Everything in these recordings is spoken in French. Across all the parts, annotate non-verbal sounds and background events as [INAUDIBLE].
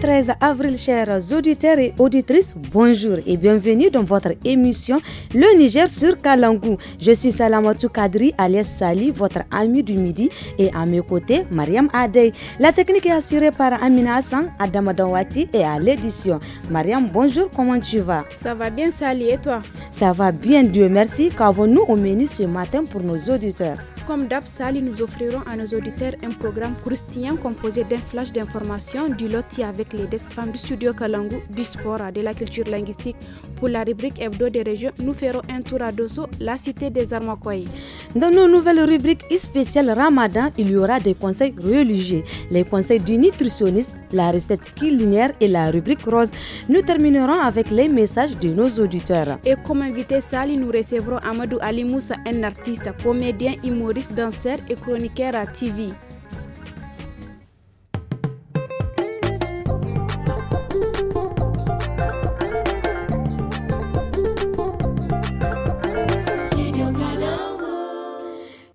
13 avril, chers auditeurs et auditrices, bonjour et bienvenue dans votre émission Le Niger sur Kalangou. Je suis Salamatou Kadri alias Sali, votre ami du midi, et à mes côtés, Mariam Adey. La technique est assurée par Amina Hassan, Adama Dawati et à l'édition. Mariam, bonjour, comment tu vas Ça va bien, Sali, et toi Ça va bien, Dieu merci. Qu'avons-nous au menu ce matin pour nos auditeurs comme d'hab, Sali, nous offrirons à nos auditeurs un programme croustillant composé d'un flash d'informations, du loti avec les desk femmes du studio Kalangu, du sport, de la culture linguistique. Pour la rubrique hebdo des régions, nous ferons un tour à Dosso, la cité des Armakoy. Dans nos nouvelles rubriques spéciales Ramadan, il y aura des conseils religieux, les conseils du nutritionniste, la recette culinaire et la rubrique rose. Nous terminerons avec les messages de nos auditeurs. Et comme invité Sali, nous recevrons Amadou Ali Moussa, un artiste, comédien, humoriste humoriste danseur et chroniqueur à TV.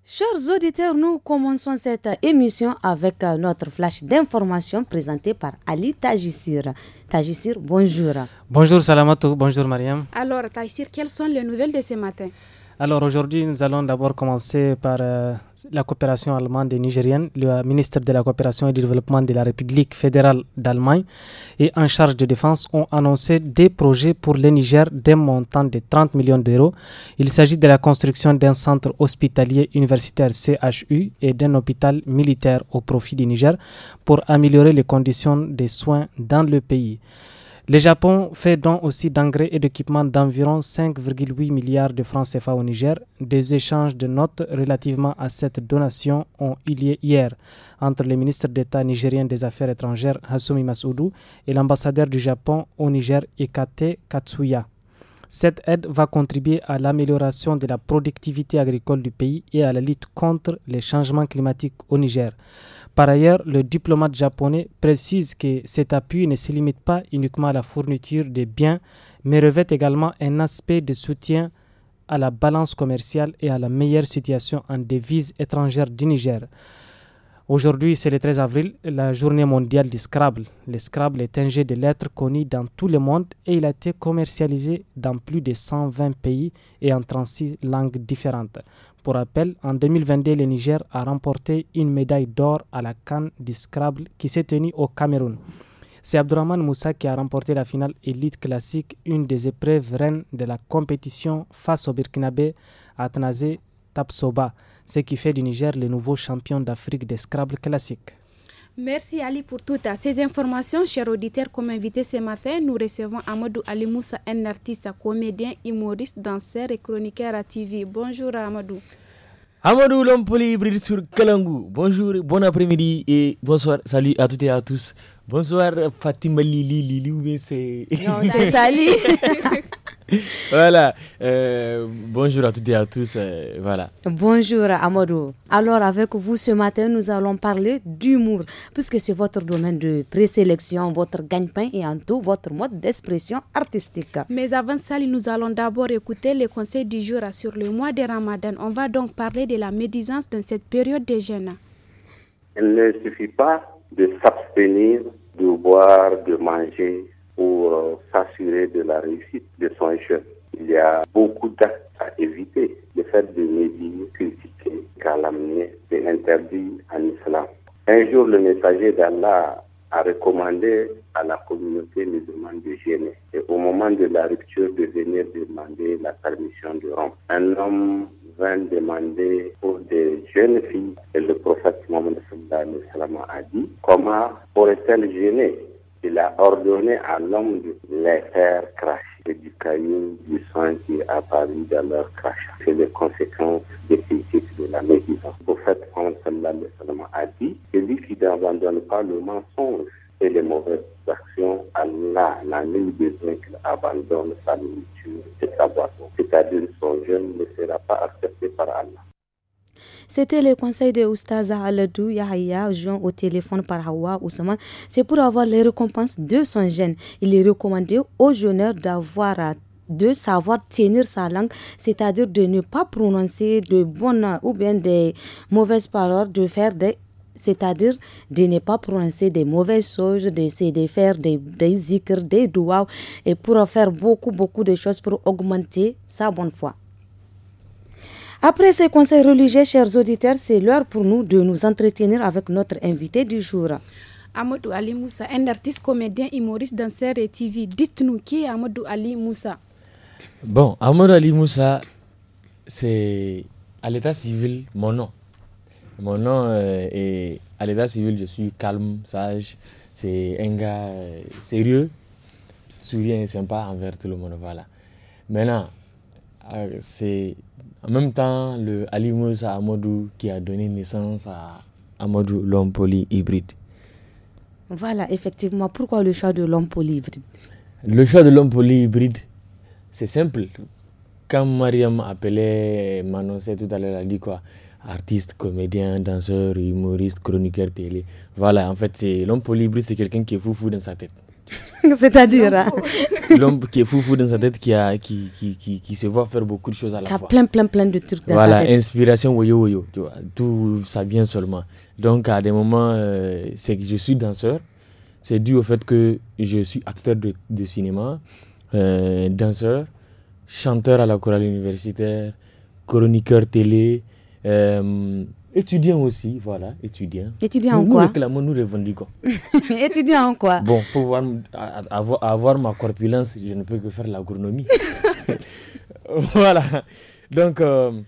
Chers auditeurs, nous commençons cette émission avec euh, notre flash d'information présenté par Ali Tajissir. Tajissir, bonjour. Bonjour Salamatou, bonjour Mariam. Alors Tajissir, quelles sont les nouvelles de ce matin alors aujourd'hui, nous allons d'abord commencer par euh, la coopération allemande et nigérienne. Le euh, ministre de la coopération et du développement de la République fédérale d'Allemagne et en charge de défense ont annoncé des projets pour le Niger d'un montant de 30 millions d'euros. Il s'agit de la construction d'un centre hospitalier universitaire CHU et d'un hôpital militaire au profit du Niger pour améliorer les conditions des soins dans le pays. Le Japon fait don aussi d'engrais et d'équipements d'environ 5,8 milliards de francs CFA au Niger. Des échanges de notes relativement à cette donation ont eu lieu hier entre le ministre d'État nigérien des Affaires étrangères Hasumi Masoudou et l'ambassadeur du Japon au Niger Ikate Katsuya. Cette aide va contribuer à l'amélioration de la productivité agricole du pays et à la lutte contre les changements climatiques au Niger. Par ailleurs, le diplomate japonais précise que cet appui ne se limite pas uniquement à la fourniture des biens, mais revêt également un aspect de soutien à la balance commerciale et à la meilleure situation en devises étrangères du Niger. Aujourd'hui, c'est le 13 avril, la journée mondiale du Scrabble. Le Scrabble est un jeu de lettres connu dans tout le monde et il a été commercialisé dans plus de 120 pays et en 36 langues différentes. Pour rappel, en 2022, le Niger a remporté une médaille d'or à la canne du Scrabble qui s'est tenue au Cameroun. C'est Abdurrahman Moussa qui a remporté la finale élite classique, une des épreuves reines de la compétition face au Burkinabé Atnazé Tapsoba ce qui fait du Niger le nouveau champion d'Afrique des Scrabble classiques. Merci Ali pour toutes ces informations. Chers auditeurs, comme invité ce matin, nous recevons Amadou Ali Moussa, un artiste, comédien, humoriste, danseur et chroniqueur à TV. Bonjour Amadou. Amadou Lompoli hybride sur Kalangu. Bonjour, bon après-midi et bonsoir. Salut à toutes et à tous. Bonsoir Fatima Lili Lili ou c'est. Non, [LAUGHS] c'est [LAUGHS] [LAUGHS] voilà. Euh, bonjour à toutes et à tous. Euh, voilà. Bonjour Amadou. Alors avec vous ce matin, nous allons parler d'humour, puisque c'est votre domaine de présélection, votre gagne-pain et en tout votre mode d'expression artistique. Mais avant ça, nous allons d'abord écouter les conseils du jour sur le mois de Ramadan. On va donc parler de la médisance dans cette période de jeûne. Il ne suffit pas de s'abstenir de boire, de manger pour euh, s'assurer de la réussite de son jeu Il y a beaucoup d'actes à éviter. Le fait de médire, critiquer, l'amener c'est interdit en islam. Un jour, le messager d'Allah a recommandé à la communauté musulmane de gêner et au moment de la rupture de venir demander la permission de rompre. Un homme vint demander pour des jeunes filles et le prophète Mohammed a dit comment pourrait elle gêner il a ordonné à l'homme de les faire cracher. du caillou, du sang qui est apparu dans leur crachat. C'est les conséquences des critiques de la médisance. Le prophète Mohammed a dit Celui qui n'abandonne pas le mensonge et les mauvaises actions, Allah n'a ni besoin qu'il abandonne sa nourriture et sa boisson. C'est-à-dire son jeûne ne sera pas accepté par Allah. C'était le conseil de Oustaza Aladou Yahya, jouant au téléphone par Hawa Ousmane. C'est pour avoir les récompenses de son jeune. Il est recommandé aux jeunes d'avoir de savoir tenir sa langue, c'est-à-dire de ne pas prononcer de bonnes ou bien des mauvaises paroles, de faire des c'est-à-dire de ne pas prononcer de mauvaises choses, d'essayer de faire des, des zikr, des doigts, et pour faire beaucoup, beaucoup de choses pour augmenter sa bonne foi. Après ces conseils religieux, chers auditeurs, c'est l'heure pour nous de nous entretenir avec notre invité du jour. Amadou Ali Moussa, un artiste, comédien, humoriste, danseur et TV. Dites-nous qui est Amadou Ali Moussa Bon, Amadou Ali Moussa, c'est à l'état civil mon nom. Mon nom euh, est à l'état civil, je suis calme, sage, c'est un gars euh, sérieux, souriant et sympa envers tout le monde. Voilà. Maintenant, euh, c'est en même temps, le Ali Moussa Amadou qui a donné naissance à Amadou l'homme polyhybride. hybride. Voilà, effectivement. Pourquoi le choix de l'homme polyhybride Le choix de l'homme polyhybride, c'est simple. Quand Mariam appelait, m'annonçait tout à l'heure, elle a dit quoi Artiste, comédien, danseur, humoriste, chroniqueur télé. Voilà, en fait, l'homme polyhybride, c'est quelqu'un qui est fou fou dans sa tête. [LAUGHS] C'est-à-dire hein. [LAUGHS] l'homme qui est fou dans sa tête, qui, a, qui, qui, qui, se voit faire beaucoup de choses à la fois. Qui a plein plein plein de trucs dans voilà, sa tête. Voilà, inspiration yo tu vois, tout ça vient seulement. Donc à des moments, euh, c'est que je suis danseur, c'est dû au fait que je suis acteur de, de cinéma, euh, danseur, chanteur à la chorale universitaire, chroniqueur télé. Euh, Étudiant aussi, voilà, étudiant. Étudiant en quoi Nous réclamons, nous revendiquons. [LAUGHS] Étudiant en quoi Bon, pour avoir, ma corpulence, je ne peux que faire l'agronomie. [LAUGHS] [LAUGHS] voilà. Donc, euh,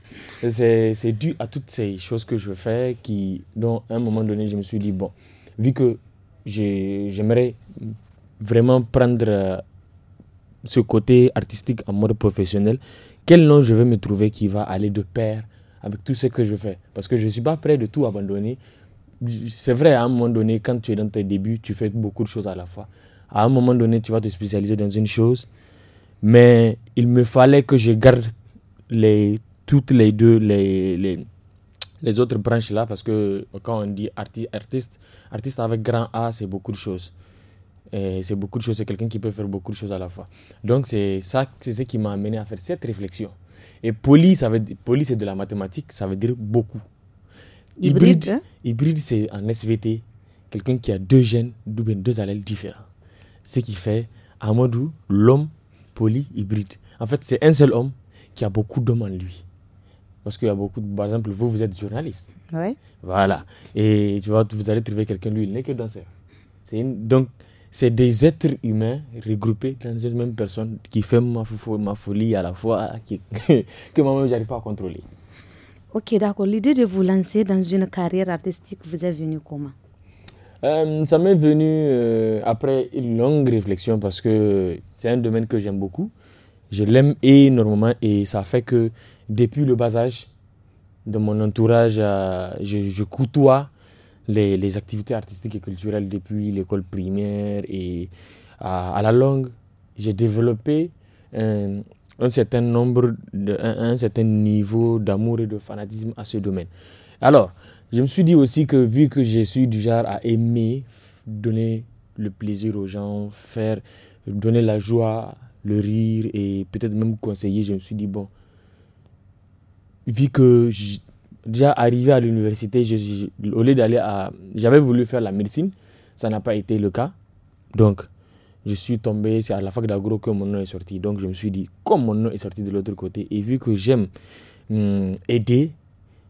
c'est dû à toutes ces choses que je fais qui, dont à un moment donné, je me suis dit, bon, vu que j'aimerais vraiment prendre euh, ce côté artistique en mode professionnel, quel nom je vais me trouver qui va aller de pair avec tout ce que je fais. Parce que je ne suis pas prêt de tout abandonner. C'est vrai, à un moment donné, quand tu es dans tes débuts, tu fais beaucoup de choses à la fois. À un moment donné, tu vas te spécialiser dans une chose. Mais il me fallait que je garde les, toutes les deux, les, les, les autres branches là, parce que quand on dit artiste, artiste avec grand A, c'est beaucoup de choses. C'est beaucoup de choses, c'est quelqu'un qui peut faire beaucoup de choses à la fois. Donc c'est ça, c'est ce qui m'a amené à faire cette réflexion. Et poly, ça veut dire, c'est de la mathématique, ça veut dire beaucoup. Hybride, hybride, hein? c'est en SVT, quelqu'un qui a deux gènes, deux, deux allèles différents. Ce qui fait, à donné, l'homme poli-hybride. En fait, c'est un seul homme qui a beaucoup d'hommes en lui. Parce qu'il y a beaucoup Par exemple, vous, vous êtes journaliste. Oui. Voilà. Et tu vois, vous allez trouver quelqu'un, lui, il n'est que danseur. Une... Donc, c'est des êtres humains regroupés dans une même personne qui fait ma, folie à la fois, [LAUGHS] que moi-même, j'arrive pas à contrôler. Ok, d'accord. L'idée de vous lancer dans une carrière artistique vous est venue comment euh, Ça m'est venu euh, après une longue réflexion parce que c'est un domaine que j'aime beaucoup. Je l'aime énormément et ça fait que depuis le bas âge, de mon entourage, euh, je, je, côtoie les, activités artistiques et culturelles depuis l'école primaire et à, la longue, j'ai développé un, certain nombre, de, un, certain niveau d'amour et de fanatisme à ce domaine. Alors, je me suis dit aussi que vu que je suis du genre à aimer donner le plaisir aux gens, faire donner la joie, le rire et peut-être même conseiller, je me suis dit bon, vu que déjà arrivé à l'université, au lieu d'aller à... J'avais voulu faire la médecine, ça n'a pas été le cas. Donc, je suis tombé, c'est à la fac d'agro que mon nom est sorti. Donc, je me suis dit, comme mon nom est sorti de l'autre côté, et vu que j'aime hmm, aider,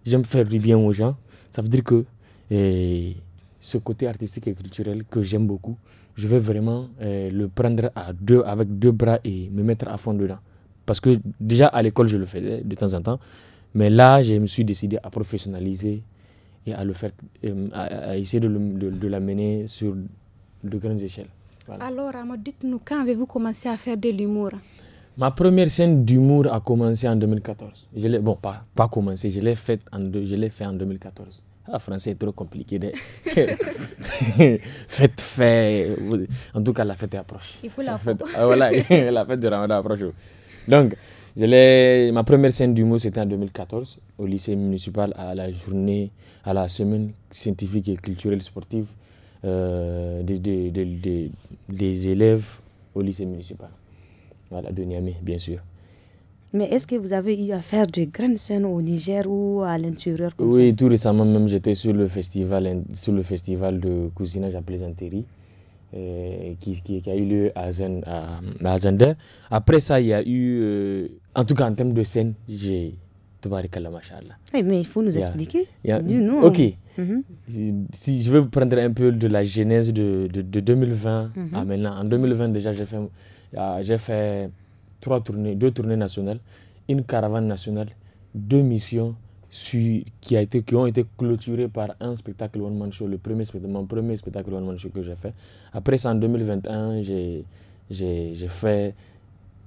j'aime faire du bien aux gens, ça veut dire que eh, ce côté artistique et culturel que j'aime beaucoup, je vais vraiment eh, le prendre à deux, avec deux bras et me mettre à fond dedans. Parce que déjà à l'école, je le faisais de temps en temps. Mais là, je me suis décidé à professionnaliser et à le faire, euh, à, essayer de, l'amener sur de grandes échelles. Alors, dites-nous, quand avez-vous commencé à faire de l'humour Ma première scène d'humour a commencé en 2014. Je bon, pas, pas commencé, je l'ai faite en, je fait en 2014. Ah, français est trop compliqué. [LAUGHS] [LAUGHS] fête fait. En tout cas, la fête est approche. Et la, la fête, ah, voilà, [LAUGHS] la fête du Ramadan approche. Donc, Ma première scène d'humour, c'était en 2014, au lycée municipal, à la journée, à la semaine scientifique et culturelle sportive euh, des, des, des, des, élèves au lycée municipal. Voilà, de Niamey, bien sûr. Mais est-ce que vous avez eu à faire de grandes scènes au Niger ou à l'intérieur Oui, tout récemment même, j'étais sur le festival, sur le festival de cousinage à plaisanterie. Euh, qui, a eu lieu à, Zender. Après ça, il y a eu, euh, en tout cas en termes de scène, j'ai... Hey, eh, mais il faut nous expliquer. Hein. Ok. Mhm. Si je veux vous prendre un peu de la genèse de, 2020 à mhm. ah, maintenant. En 2020, déjà, j'ai fait, ah, j'ai fait trois tournées, deux tournées nationales, une caravane nationale, deux missions qui, a été, qui ont été clôturés par un spectacle One Man Show, le premier spectacle, mon premier spectacle One Man Show que j'ai fait. Après ça, en 2021, j'ai fait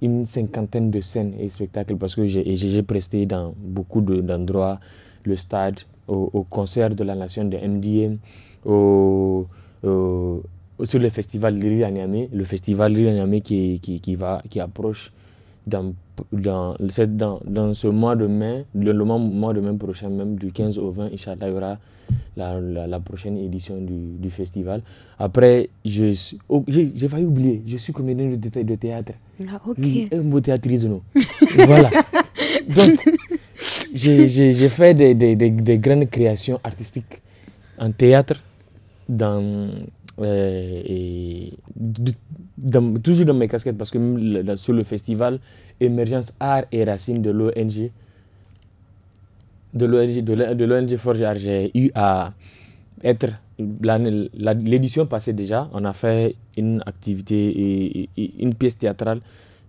une cinquantaine de scènes et spectacles parce que j'ai presté dans beaucoup d'endroits, le stade, au, concert de la nation de MDM, au, sur le festival Liri le festival Liri qui, qui, qui, va, qui approche dans dans, dans, dans, ce mois de mai, le, mois de mai prochain, même du 15 au 20, il y aura la, la, prochaine édition du, du, festival. Après, je, oh, j'ai failli oublier, je suis comédien de, de, de théâtre. Ah, ok. Un beau non [LAUGHS] voilà. Donc, j'ai fait des, des, des, des grandes créations artistiques en théâtre, dans euh, et toujours dans mes casquettes, parce que sur le festival Émergence Art et Racines de l'ONG, de l'ONG, de l'ONG Forge Art, j'ai eu à être. L'édition passée déjà, on a fait une activité et, une pièce théâtrale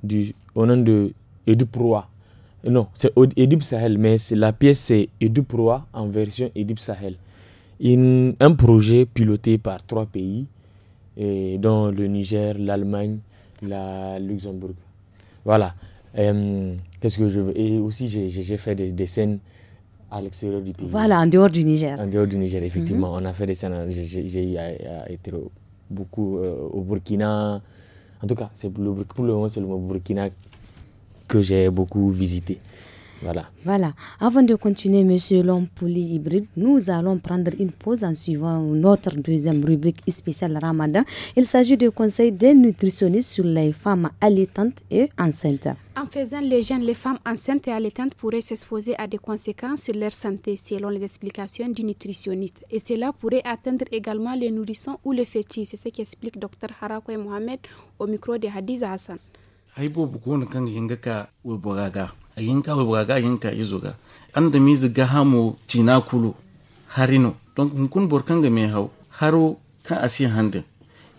du, au nom de Edu Non, c'est Edip Sahel, mais la pièce c'est Edu Proa en version Edip Sahel un projet piloté par trois pays, et dont le Niger, l'Allemagne, la Luxembourg. Voilà. Euh, qu'est-ce que je Et aussi, j'ai fait des, scènes à l'extérieur du pays. Voilà, en dehors du Niger. En dehors du Niger, effectivement. Mhm. On a fait des scènes. J'ai été beaucoup euh, au Burkina. En tout cas, c'est pour le moment, c'est le Burkina que j'ai beaucoup visité. Voilà. Avant de continuer, monsieur Lompouli-Hybride, nous allons prendre une pause en suivant notre deuxième rubrique spéciale Ramadan. Il s'agit du conseil des nutritionnistes sur les femmes allaitantes et enceintes. En faisant les jeunes, les femmes enceintes et allaitantes pourraient s'exposer à des conséquences sur leur santé selon les explications du nutritionniste. Et cela pourrait atteindre également les nourrissons ou les fétiches. C'est ce qu'explique Dr Harakwe Mohamed au micro de Hadiza Hassan. a ga yi zo ga an da mizi tina kulu harino donc hunkun ga mai hau haro kan a asi hande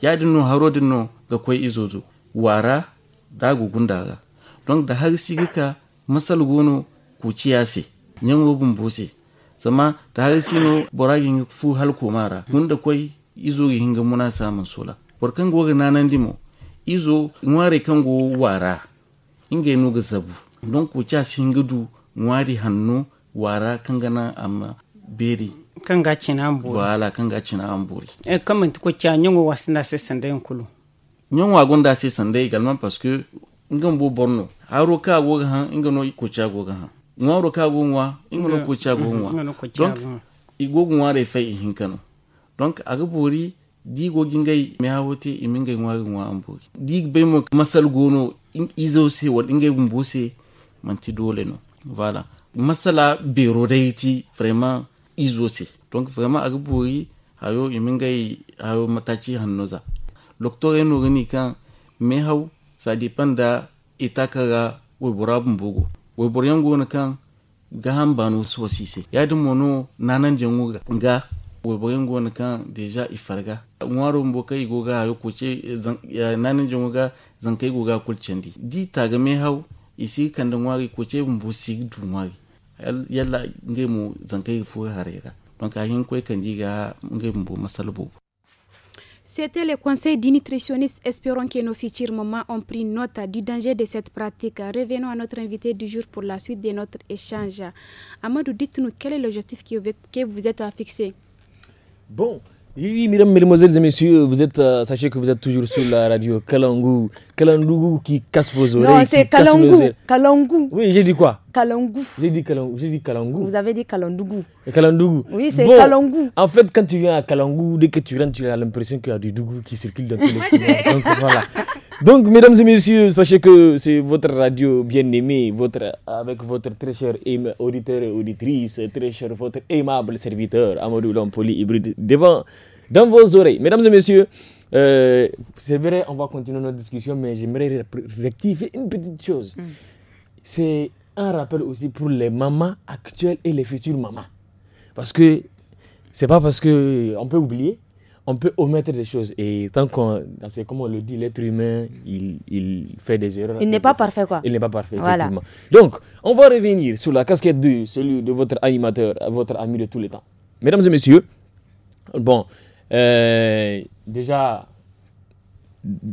dinno haro dinno ga izo izozo wara gugun daga don da har si gika masal gono nyan wogun bose. zama da har si no buragin fu hal komara mun da kwai izo ga hinga muna samun sola burkan goga nanan dimo izo nware kango wara inga nuga sabu donc wo ca singudu ŋwari hannu wara kangana amma beri kanga cina an bori voilà kanga cina an bori e eh, kaman ko ca nyongo wasina se sande en kulu nyongo agonda se sande également parce que ngam bo borno haro ka go han ngano ko ca go han ŋwaro ka go ŋwa ngano ko ca go ŋwa donc igo ŋwa re fai hinkano donc aga bori digo gingai me hawote imingai ŋwa ŋwa an bori dig be mo masal gono izo se wal ingai gumbose manti dole no voilà masala bero dai ti vraiment izo se donc vraiment aga bori hayo imingai hayo matachi hannoza docteur eno gani kan me hau sa dépend da itakaga webora bumbugo webora yango ne kan ga hambano so sise ya dum mono nanan jengu ga webora yango ne kan deja ifarga nwaro mboka igoga hayo kuce nanan jengu ga zankai goga kulcendi di taga me hau isi du donc C'était le conseil du nutritionniste. Espérons que nos futurs mamans ont pris note du danger de cette pratique. Revenons à notre invité du jour pour la suite de notre échange. Amadou, dites-nous quel est l'objectif que vous êtes à fixer. Bon, oui, mesdames, mesdemoiselles et messieurs, vous êtes, euh, sachez que vous êtes toujours sur la radio Kalangu. Kalangou qui casse vos oreilles. Non, c'est Kalangu. Kalangu. Oui, j'ai dit quoi Kalangu. J'ai dit Kalangu. Vous avez dit Kalandougou. Kalandougou. Oui, c'est Kalangu. En fait, quand tu viens à Kalangu, dès que tu rentres, tu as l'impression qu'il y a du dougou qui circule dans tous les [LAUGHS] coins. Donc voilà. Donc, mesdames et messieurs, sachez que c'est votre radio bien-aimée, votre, avec votre très cher auditeur et auditrice, très cher, votre aimable serviteur, Amadou Lampoli Hybride, devant, dans vos oreilles. Mesdames et messieurs, euh, c'est vrai, on va continuer notre discussion, mais j'aimerais rectifier une petite chose. Mm. C'est un rappel aussi pour les mamans actuelles et les futures mamans. Parce que c'est pas parce qu'on peut oublier, on peut omettre des choses. Et tant qu'on, c'est comme on le dit, l'être humain, il, fait des erreurs. Il n'est pas parfait, quoi. Il n'est pas parfait, effectivement. Donc, on va revenir sur la casquette de celui de votre animateur, votre ami de tous les temps. Mesdames et messieurs, bon, euh, déjà,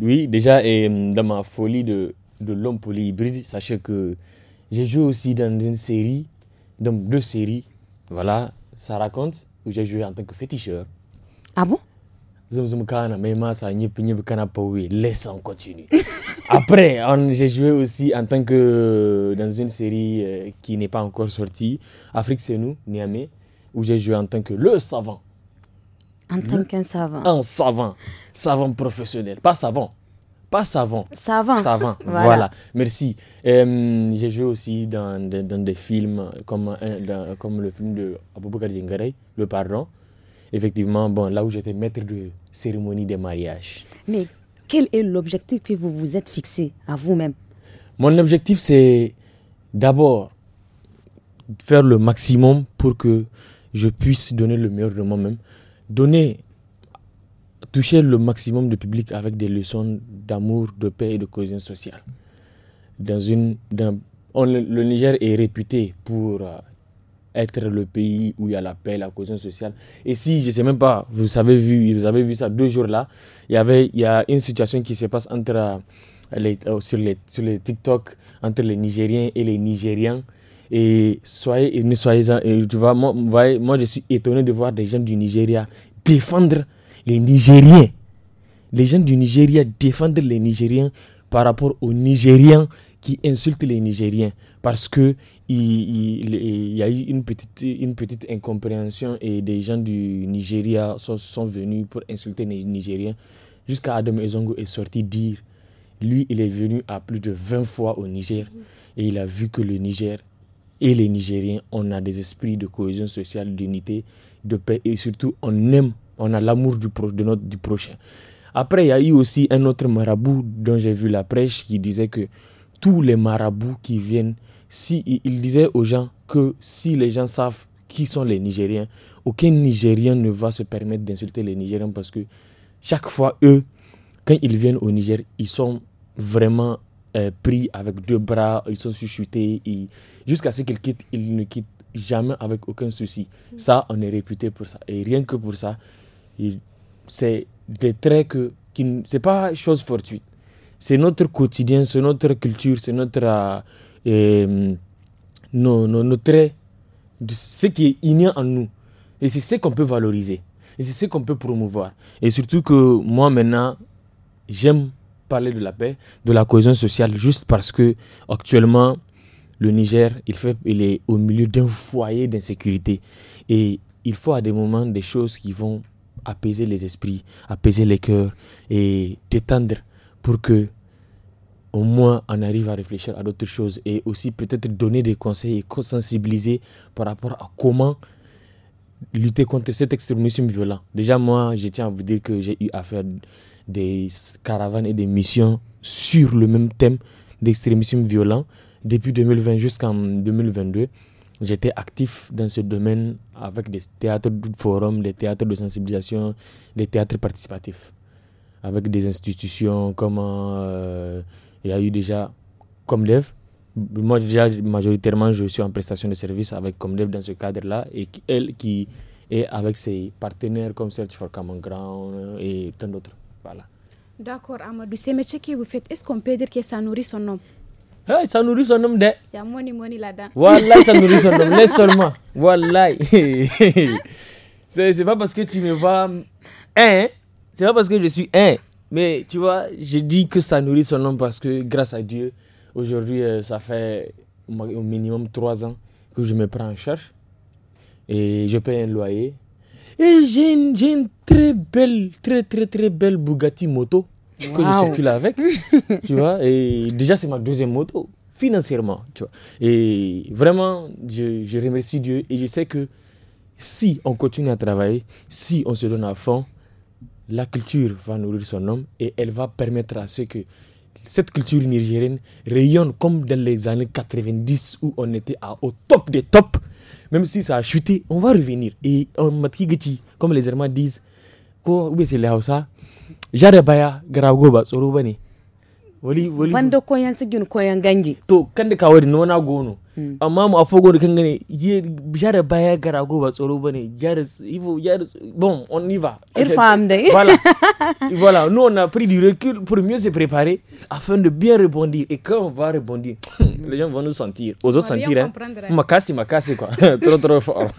oui, déjà, et mm, dans ma folie de, de l'homme polyhybride, sachez que j'ai joué aussi dans une série, dans deux séries, voilà, ça raconte, où j'ai joué en tant que féticheur. Ah bon Zoum Kana, ça, oui, [LAUGHS] Après, j'ai joué aussi en tant que dans une série euh, qui n'est pas encore sortie, Afrique c'est nous, Niamey, où j'ai joué en tant que le savant. En tant qu'un savant. Un savant. Savant professionnel. Pas savant. Pas savant. Savant. Savant. [LAUGHS] voilà. Merci. Euh, j'ai joué aussi dans, dans, des films comme, comme le film de Aboubakar Le Pardon effectivement, bon, là où j'étais maître de cérémonie des mariages. Mais quel est l'objectif que vous vous êtes fixé à vous-même Mon objectif, c'est d'abord faire le maximum pour que je puisse donner le meilleur de moi-même, donner, toucher le maximum de public avec des leçons d'amour, de paix et de cohésion sociale. Dans une, dans, le Niger est réputé pour euh, être le pays où il y a la paix, la cohésion sociale. Et si, je ne sais même pas, vous avez vu, vous avez vu ça deux jours là, il y avait, il y a une situation qui se passe entre euh, euh, sur, les, sur les TikTok entre les Nigériens et les Nigériens. Et soyez, et ne soyez, tu vois, moi, moi je suis étonné de voir des gens du Nigeria défendre les Nigériens. Les gens du Nigeria défendre les Nigériens par rapport aux Nigériens qui insulte les Nigériens parce que il, il, y a eu une petite, une petite incompréhension et des gens du Nigeria sont, sont venus pour insulter les Nigériens jusqu'à Adam Ezongo est sorti dire lui, il est venu à plus de 20 fois au Niger et il a vu que le Niger et les Nigériens, on a des esprits de cohésion sociale, d'unité, de paix et surtout on aime, on a l'amour du, de notre, du prochain. Après, il y a eu aussi un autre marabout dont j'ai vu la prêche qui disait que tous les marabouts qui viennent, si, il disait aux gens que si les gens savent qui sont les Nigériens, aucun Nigérien ne va se permettre d'insulter les Nigériens parce que chaque fois, eux, quand ils viennent au Niger, ils sont vraiment euh, pris avec deux bras, ils sont chuchotés. jusqu'à ce qu'ils quittent, ils ne quittent jamais avec aucun souci. Mm. Ça, on est réputé pour ça. Et rien que pour ça, c'est des traits que, qui c'est pas chose fortuite c'est notre quotidien, c'est notre culture, c'est notre euh, euh, nos, traits, de ce qui est inné en nous. Et c'est ce qu'on peut valoriser. Et c'est ce qu'on peut promouvoir. Et surtout que moi maintenant, j'aime parler de la paix, de la cohésion sociale, juste parce que actuellement, le Niger, il, fait, il est au milieu d'un foyer d'insécurité. Et il faut à des moments des choses qui vont apaiser les esprits, apaiser les cœurs et détendre pour que au moins on arrive à réfléchir à d'autres choses et aussi peut-être donner des conseils et sensibiliser par rapport à comment lutter contre cet extrémisme violent. Déjà moi, je tiens à vous dire que j'ai eu à faire des caravanes et des missions sur le même thème d'extrémisme violent depuis 2020 jusqu'en 2022 j'étais actif dans ce domaine avec des théâtres de forum, des théâtres de sensibilisation, des théâtres participatifs avec des institutions comme euh, il y a eu déjà Comdev. Moi, déjà, majoritairement, je suis en prestation de service avec Comdev dans ce cadre-là et elle qui est avec ses partenaires comme Search for Common Ground euh, et tant d'autres. Voilà. D'accord, Amadou, ces métiers que vous faites, est-ce qu'on peut dire que ça nourrit son homme eh, Ça nourrit son homme de. Il y a money, money là-dedans. Voilà, ça nourrit son homme, laisse seulement. Voilà. [LAUGHS] [LAUGHS] C'est pas parce que tu me vois. Hein c'est pas parce que je suis un, mais tu vois, je dis que ça nourrit son homme parce que grâce à Dieu, aujourd'hui, euh, ça fait au minimum trois ans que je me prends en charge et je paye un loyer. Et j'ai une, une, très belle, très très très belle Bugatti moto que je circule avec, [LAUGHS] tu vois. Et déjà, c'est ma deuxième moto financièrement, tu vois. Et vraiment, je, je remercie Dieu et je sais que si on continue à travailler, si on se donne à fond, la culture va nourrir son homme et elle va permettre à ce que cette culture nigérienne rayonne comme dans les années 90 où on était au top des tops. Même si ça a chuté, on va revenir. Et en euh, dit, comme les Allemands disent, ko c'est les Sorobani wali wali banda koyan sigin koyan ganji to kande ka kawai nona gono hmm. amma mu afogo da kan gane ye jara baya gara go ba tsoro bane jara ivo jara bon on y va il femme de voilà [LAUGHS] voilà nous on a pris du recul pour mieux se préparer afin de bien rebondir et quand on va rebondir [LAUGHS] les gens vont nous sentir aux autres sentir hein. hein makasi makasi quoi [LAUGHS] trop trop fort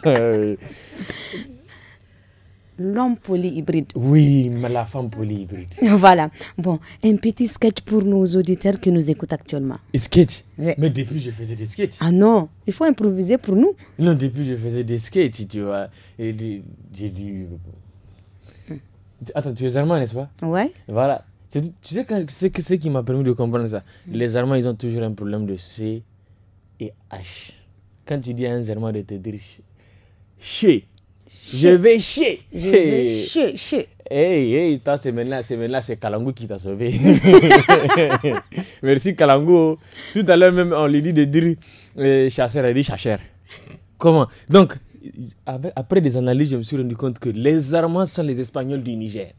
l'homme polyhybride. Oui, mais la femme polyhybride. [LAUGHS] voilà. Bon, un petit sketch pour nos auditeurs qui nous écoutent actuellement. sketch Mais depuis, je faisais des sketchs. Ah non, il faut improviser pour nous. Non, depuis, je faisais des sketchs, tu vois. Et j'ai dû... Hmm. Attends, tu es allemand, n'est-ce pas Ouais. Voilà. Tu sais, c'est ce qui m'a permis de comprendre ça. Hmm. Les Allemands, ils ont toujours un problème de C et H. Quand tu dis à un Allemand de te dire chez, je vais chier. Je vais chier, chier. Hey, hey, toi, c'est maintenant, c'est maintenant, c'est qui t'a sauvé. [LAUGHS] Merci Kalangu. Tout à l'heure même, on lui dit de dire euh, chasseur, il dit chasseur. Comment Donc, après des analyses, je me suis rendu compte que les Armands sont les Espagnols du Niger.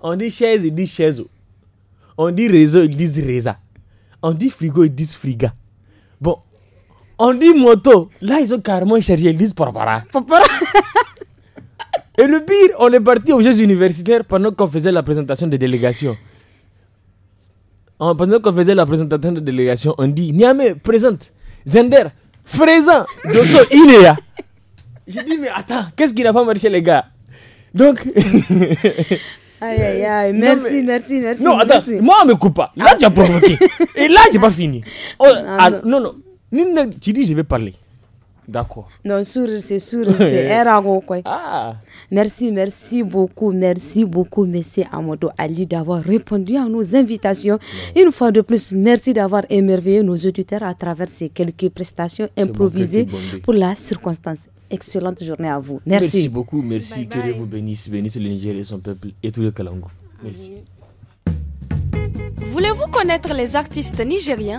On dit chaise, ils disent chaise. On dit réseau, ils disent reza. On dit frigo, ils disent friga. Bon, on dit moto. Là, ils ont carrément cherché, ils disent papara. Papara et le pire, on est parti aux Jeux universitaires pendant qu'on faisait la présentation des délégations. pendant qu'on faisait la présentation des délégations, on dit Niame présente. Zender, présent. Dosso, son J'ai dit, mais attends, qu'est-ce qui n'a pas marché, les gars Donc. [LAUGHS] Aïe, aïe, aïe. Merci, merci, merci. Non, attends, moi, on me coupe pas. Là, tu as provoqué. Et là, j'ai pas fini. Oh, ah, ah, non. non. Tu dis, je vais parler. D'accord. Non, sourire, c'est sourire, [LAUGHS] c'est hein, ah. Merci, merci beaucoup, merci beaucoup, monsieur Amado Ali, d'avoir répondu à nos invitations. Une fois de plus, merci d'avoir émerveillé nos auditeurs à travers ces quelques prestations improvisées pour la circonstance. Excellente journée à vous. Merci. Merci beaucoup, merci. que Dieu vous bénisse, bénisse le Niger et son peuple et tous les Kalango. Merci. Voulez-vous connaître les artistes nigériens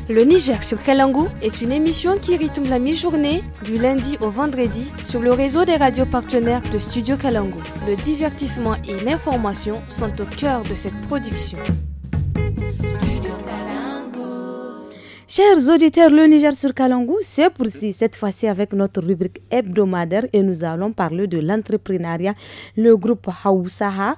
Le Niger sur Kalangu est une émission qui rythme la mi-journée du lundi au vendredi sur le réseau des radios partenaires de Studio Kalangu. Le divertissement et l'information sont au cœur de cette production. Chers auditeurs, le Niger sur Kalangou c'est pour si cette fois-ci avec notre rubrique hebdomadaire et nous allons parler de l'entrepreneuriat. Le groupe Hausaha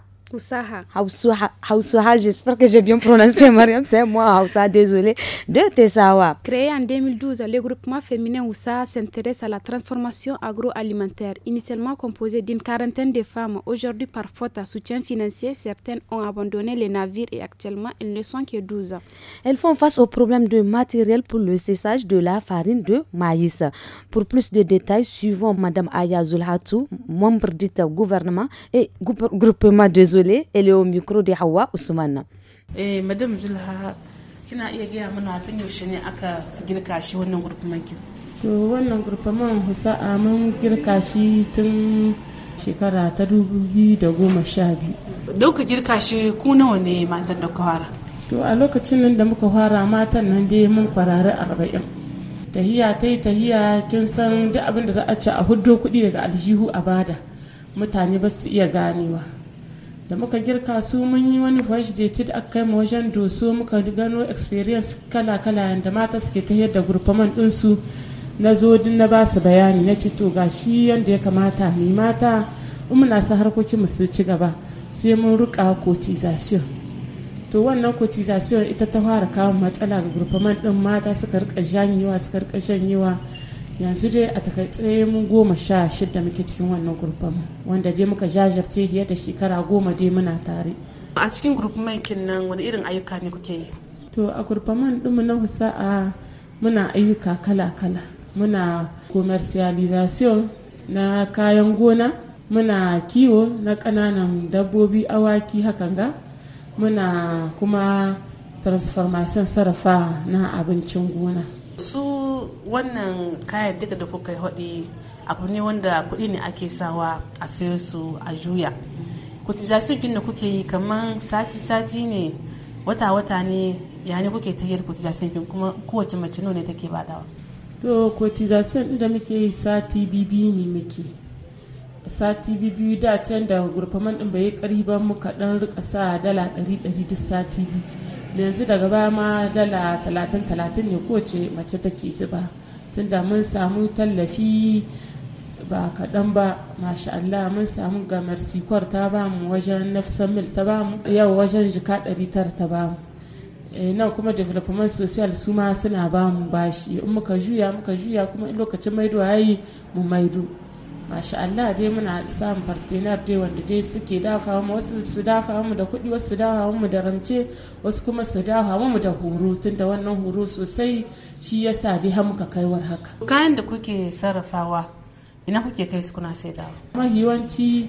j'espère que j'ai bien prononcé, Mariam, c'est moi, de Créé en 2012, le groupement féminin OUSSA s'intéresse à la transformation agroalimentaire. Initialement composé d'une quarantaine de femmes, aujourd'hui, par faute à soutien financier, certaines ont abandonné les navires et actuellement, elles ne sont que 12. Elles font face au problème de matériel pour le cessage de la farine de maïs. Pour plus de détails, suivons Madame Aya Hatou membre du gouvernement et groupement, désolé Désolée, elle est au micro de Hawa Ousmane. Eh, Madame Zulha, kina iya gaya mana tun yaushe ne aka girka shi wannan gurfamanki? To wannan gurfaman husa'a mun girka shi tun shekara ta dubu biyu da goma sha biyu. Dauka girka shi ku nawa ne matan da kwara? To a lokacin nan da muka fara matan nan dai mun kwarari arba'in. Tahiya ta yi tahiya kin san duk abin da za a ce a huddo kuɗi daga aljihu a bada mutane ba su iya ganewa. da muka girka su mun yi wani voice dated aka kai mu wajen doso muka gano experience kala-kala da mata suke ta da gurfaman ɗinsu na zo din na basu bayani na ci to ga shi yadda ya kamata ni mata in muna sa harkokin mu su ci gaba sai mun ruka cotization to wannan cotization ita ta fara kawo matsala ga gurfaman ɗin mata suka rika janyewa suka rika janyewa yanzu dai a takaice mun goma sha shida muke cikin wannan gurfin wanda dai muka jajirce fiye da shekara goma dai muna tare a cikin gurfin kin nan wani irin ayyuka ne kuke yi to a gurfaman ɗinmu na husa'a muna ayyuka kala-kala muna commercialization na kayan gona muna kiwo na ƙananan dabbobi awaki hakan ga muna kuma transformation sarrafa na abincin gona su wannan kayan duka da kuka haɗi abu ne wanda kuɗi ne ake sawa a sayo su a juya su da kuke yi kamar sati-sati ne wata-wata ne ya ne kuke ta yadda kutizasiyon kuma kowace mace ne take badawa to su da muke yi sati bibi ne muke sati bibi da can da gurfaman ɗin bai yi ƙari ba muka rika sa dala ɗari ɗari duk sati bibi yanzu daga baya ma dala talatin talatin ne kowace mace take zuba tunda mun samu tallafi ba kaɗan ba masha Allah mun samu gamar sikwar ta bamu wajen nafsan mil ta bamu yau wajen jika ɗari tara ta bamu eh, nan kuma development social su ma suna bamu bashi in muka juya muka juya kuma in lokacin maido yayi mu maido masha Allah dai muna samun partenar dai wanda dai suke dafa mu wasu su dafa mu da kuɗi wasu su dafa mu da ramce wasu kuma su dafa mu da horo tunda wannan horo sosai shi ya sa dai har muka kaiwar haka kayan da kuke sarrafawa ina kuke kai su kuna kuma mahiwanci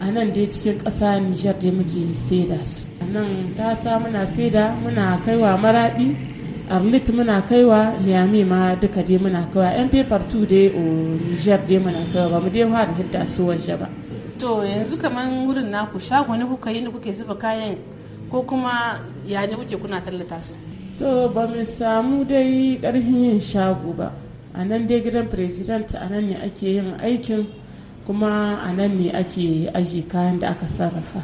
a nan dai cikin ƙasa Nijar dai muke saida su a nan ta sa muna saida muna kaiwa maraɗi arlit muna kaiwa niami ma duka dai muna kaiwa yan paper 2 dai o niger dai muna kaiwa ba mu dai da hidda su waje ba to yanzu kaman wurin naku shago ne kuka yi ne kuke zuba kayan ko kuma ya ne kuke kuna tallata su to ba mu samu dai karfin yin shago ba a dai gidan president a nan ne ake yin aikin kuma anan ne ake aji kayan da aka sarrafa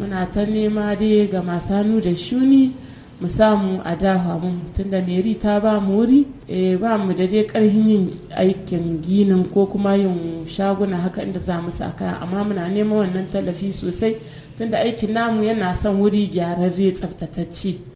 muna ta nema dai ga masu da shuni mu samu a dafa mu tunda meri ta ba mu wuri eh, ba mu da dai karhin yin aikin ginin ko kuma yin shaguna haka inda za mu saka amma muna neman wannan tallafi sosai tunda aikin namu yana son wuri gyararre tsaftatacce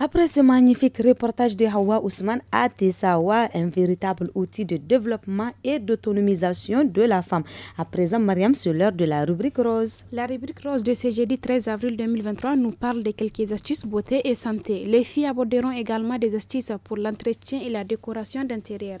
Après ce magnifique reportage de Hawa Ousmane à Sawa un véritable outil de développement et d'autonomisation de la femme. À présent, Mariam, c'est l'heure de la rubrique rose. La rubrique rose de ce jeudi 13 avril 2023 nous parle de quelques astuces beauté et santé. Les filles aborderont également des astuces pour l'entretien et la décoration d'intérieur.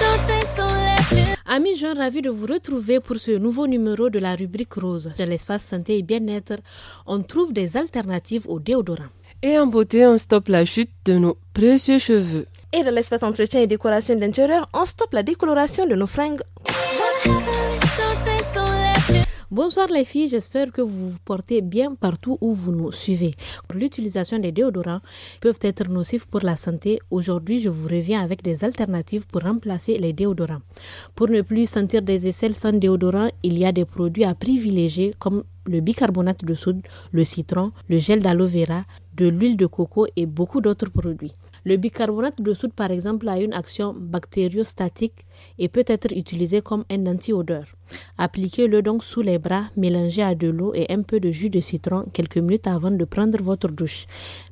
Amis suis ravi de vous retrouver pour ce nouveau numéro de la rubrique rose. Dans l'espace santé et bien-être, on trouve des alternatives au déodorant. Et en beauté, on stoppe la chute de nos précieux cheveux. Et dans l'espace entretien et décoration d'intérieur, on stoppe la décoloration de nos fringues. Bonsoir les filles, j'espère que vous vous portez bien partout où vous nous suivez. L'utilisation des déodorants peuvent être nocifs pour la santé. Aujourd'hui, je vous reviens avec des alternatives pour remplacer les déodorants. Pour ne plus sentir des aisselles sans déodorant, il y a des produits à privilégier comme le bicarbonate de soude, le citron, le gel d'aloe vera, de l'huile de coco et beaucoup d'autres produits. Le bicarbonate de soude, par exemple, a une action bactériostatique et peut être utilisé comme un anti-odeur. Appliquez-le donc sous les bras, mélangez à de l'eau et un peu de jus de citron quelques minutes avant de prendre votre douche.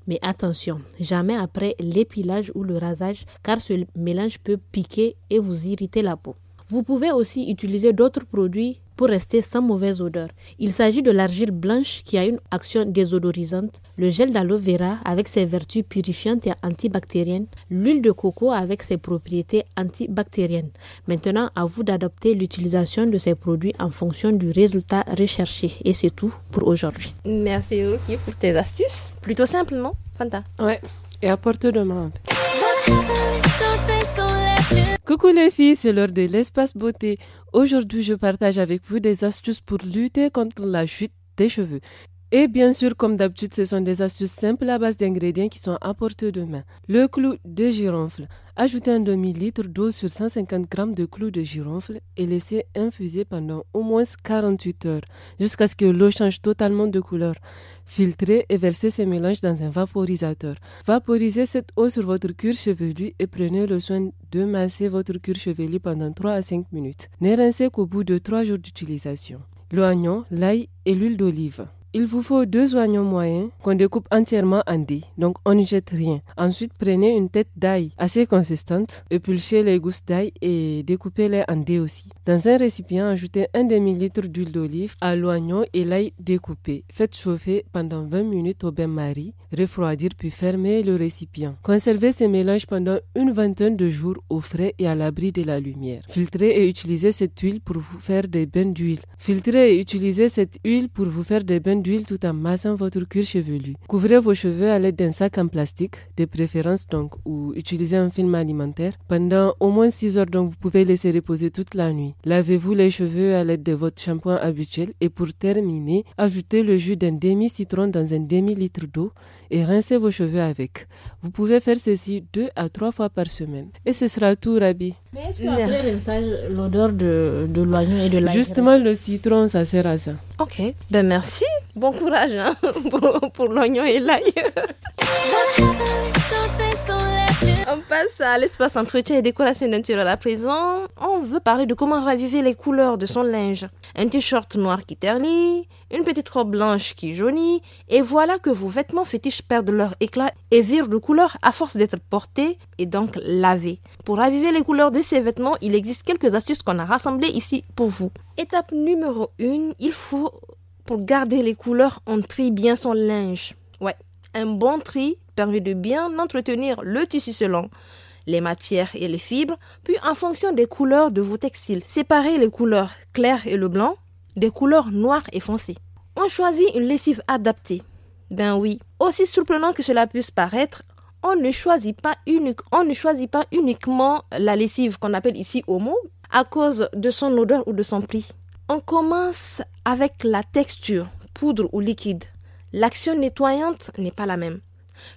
Mais attention, jamais après l'épilage ou le rasage, car ce mélange peut piquer et vous irriter la peau. Vous pouvez aussi utiliser d'autres produits pour rester sans mauvaise odeur. Il s'agit de l'argile blanche qui a une action désodorisante, le gel d'aloe vera avec ses vertus purifiantes et antibactériennes, l'huile de coco avec ses propriétés antibactériennes. Maintenant, à vous d'adopter l'utilisation de ces produits en fonction du résultat recherché. Et c'est tout pour aujourd'hui. Merci Ruki pour tes astuces. Plutôt simplement, Fanta. Ouais, et à portée de main. Coucou les filles, c'est l'heure de l'espace beauté. Aujourd'hui, je partage avec vous des astuces pour lutter contre la chute des cheveux. Et bien sûr, comme d'habitude, ce sont des astuces simples à base d'ingrédients qui sont à portée de main. Le clou de girofle. Ajoutez un demi-litre d'eau sur 150 g de clou de girofle et laissez infuser pendant au moins 48 heures, jusqu'à ce que l'eau change totalement de couleur. Filtrez et versez ce mélange dans un vaporisateur. Vaporisez cette eau sur votre cuir chevelu et prenez le soin de masser votre cuir chevelu pendant 3 à 5 minutes. Ne rincez qu'au bout de 3 jours d'utilisation. L'oignon, l'ail et l'huile d'olive. Il vous faut deux oignons moyens qu'on découpe entièrement en dés, donc on ne jette rien. Ensuite, prenez une tête d'ail assez consistante, épulchez les gousses d'ail et découpez-les en dés aussi. Dans un récipient, ajoutez un demi-litre d'huile d'olive à l'oignon et l'ail découpé. Faites chauffer pendant 20 minutes au bain-marie, refroidir puis fermez le récipient. Conservez ce mélange pendant une vingtaine de jours au frais et à l'abri de la lumière. Filtrez et utilisez cette huile pour vous faire des bains d'huile. Filtrez et utilisez cette huile pour vous faire des bains d'huile tout en massant votre cuir chevelu. Couvrez vos cheveux à l'aide d'un sac en plastique, de préférence donc, ou utilisez un film alimentaire pendant au moins 6 heures, donc vous pouvez laisser reposer toute la nuit. Lavez-vous les cheveux à l'aide de votre shampoing habituel et pour terminer, ajoutez le jus d'un demi-citron dans un demi-litre d'eau et rincez vos cheveux avec. Vous pouvez faire ceci deux à trois fois par semaine. Et ce sera tout, Rabi. Mais est-ce qu'après rinçage, l'odeur de, l'oignon et de la Justement, le citron, ça sert à ça. Ok. Ben merci Bon courage hein, [LAUGHS] pour, l'oignon et l'ail. On passe à l'espace entretien et décoration naturelle. À présent, on veut parler de comment raviver les couleurs de son linge. Un t-shirt noir qui ternit, une petite robe blanche qui jaunit, et voilà que vos vêtements fétiches perdent leur éclat et virent de couleur à force d'être portés et donc lavés. Pour raviver les couleurs de ces vêtements, il existe quelques astuces qu'on a rassemblées ici pour vous. Étape numéro 1, il faut pour garder les couleurs, on trie bien son linge. Ouais, un bon tri permet de bien entretenir le tissu selon les matières et les fibres, puis en fonction des couleurs de vos textiles. Séparez les couleurs claires et le blanc des couleurs noires et foncées. On choisit une lessive adaptée. Ben oui, aussi surprenant que cela puisse paraître, on ne choisit pas, on ne choisit pas uniquement la lessive qu'on appelle ici homo à cause de son odeur ou de son prix. On commence avec la texture, poudre ou liquide. L'action nettoyante n'est pas la même.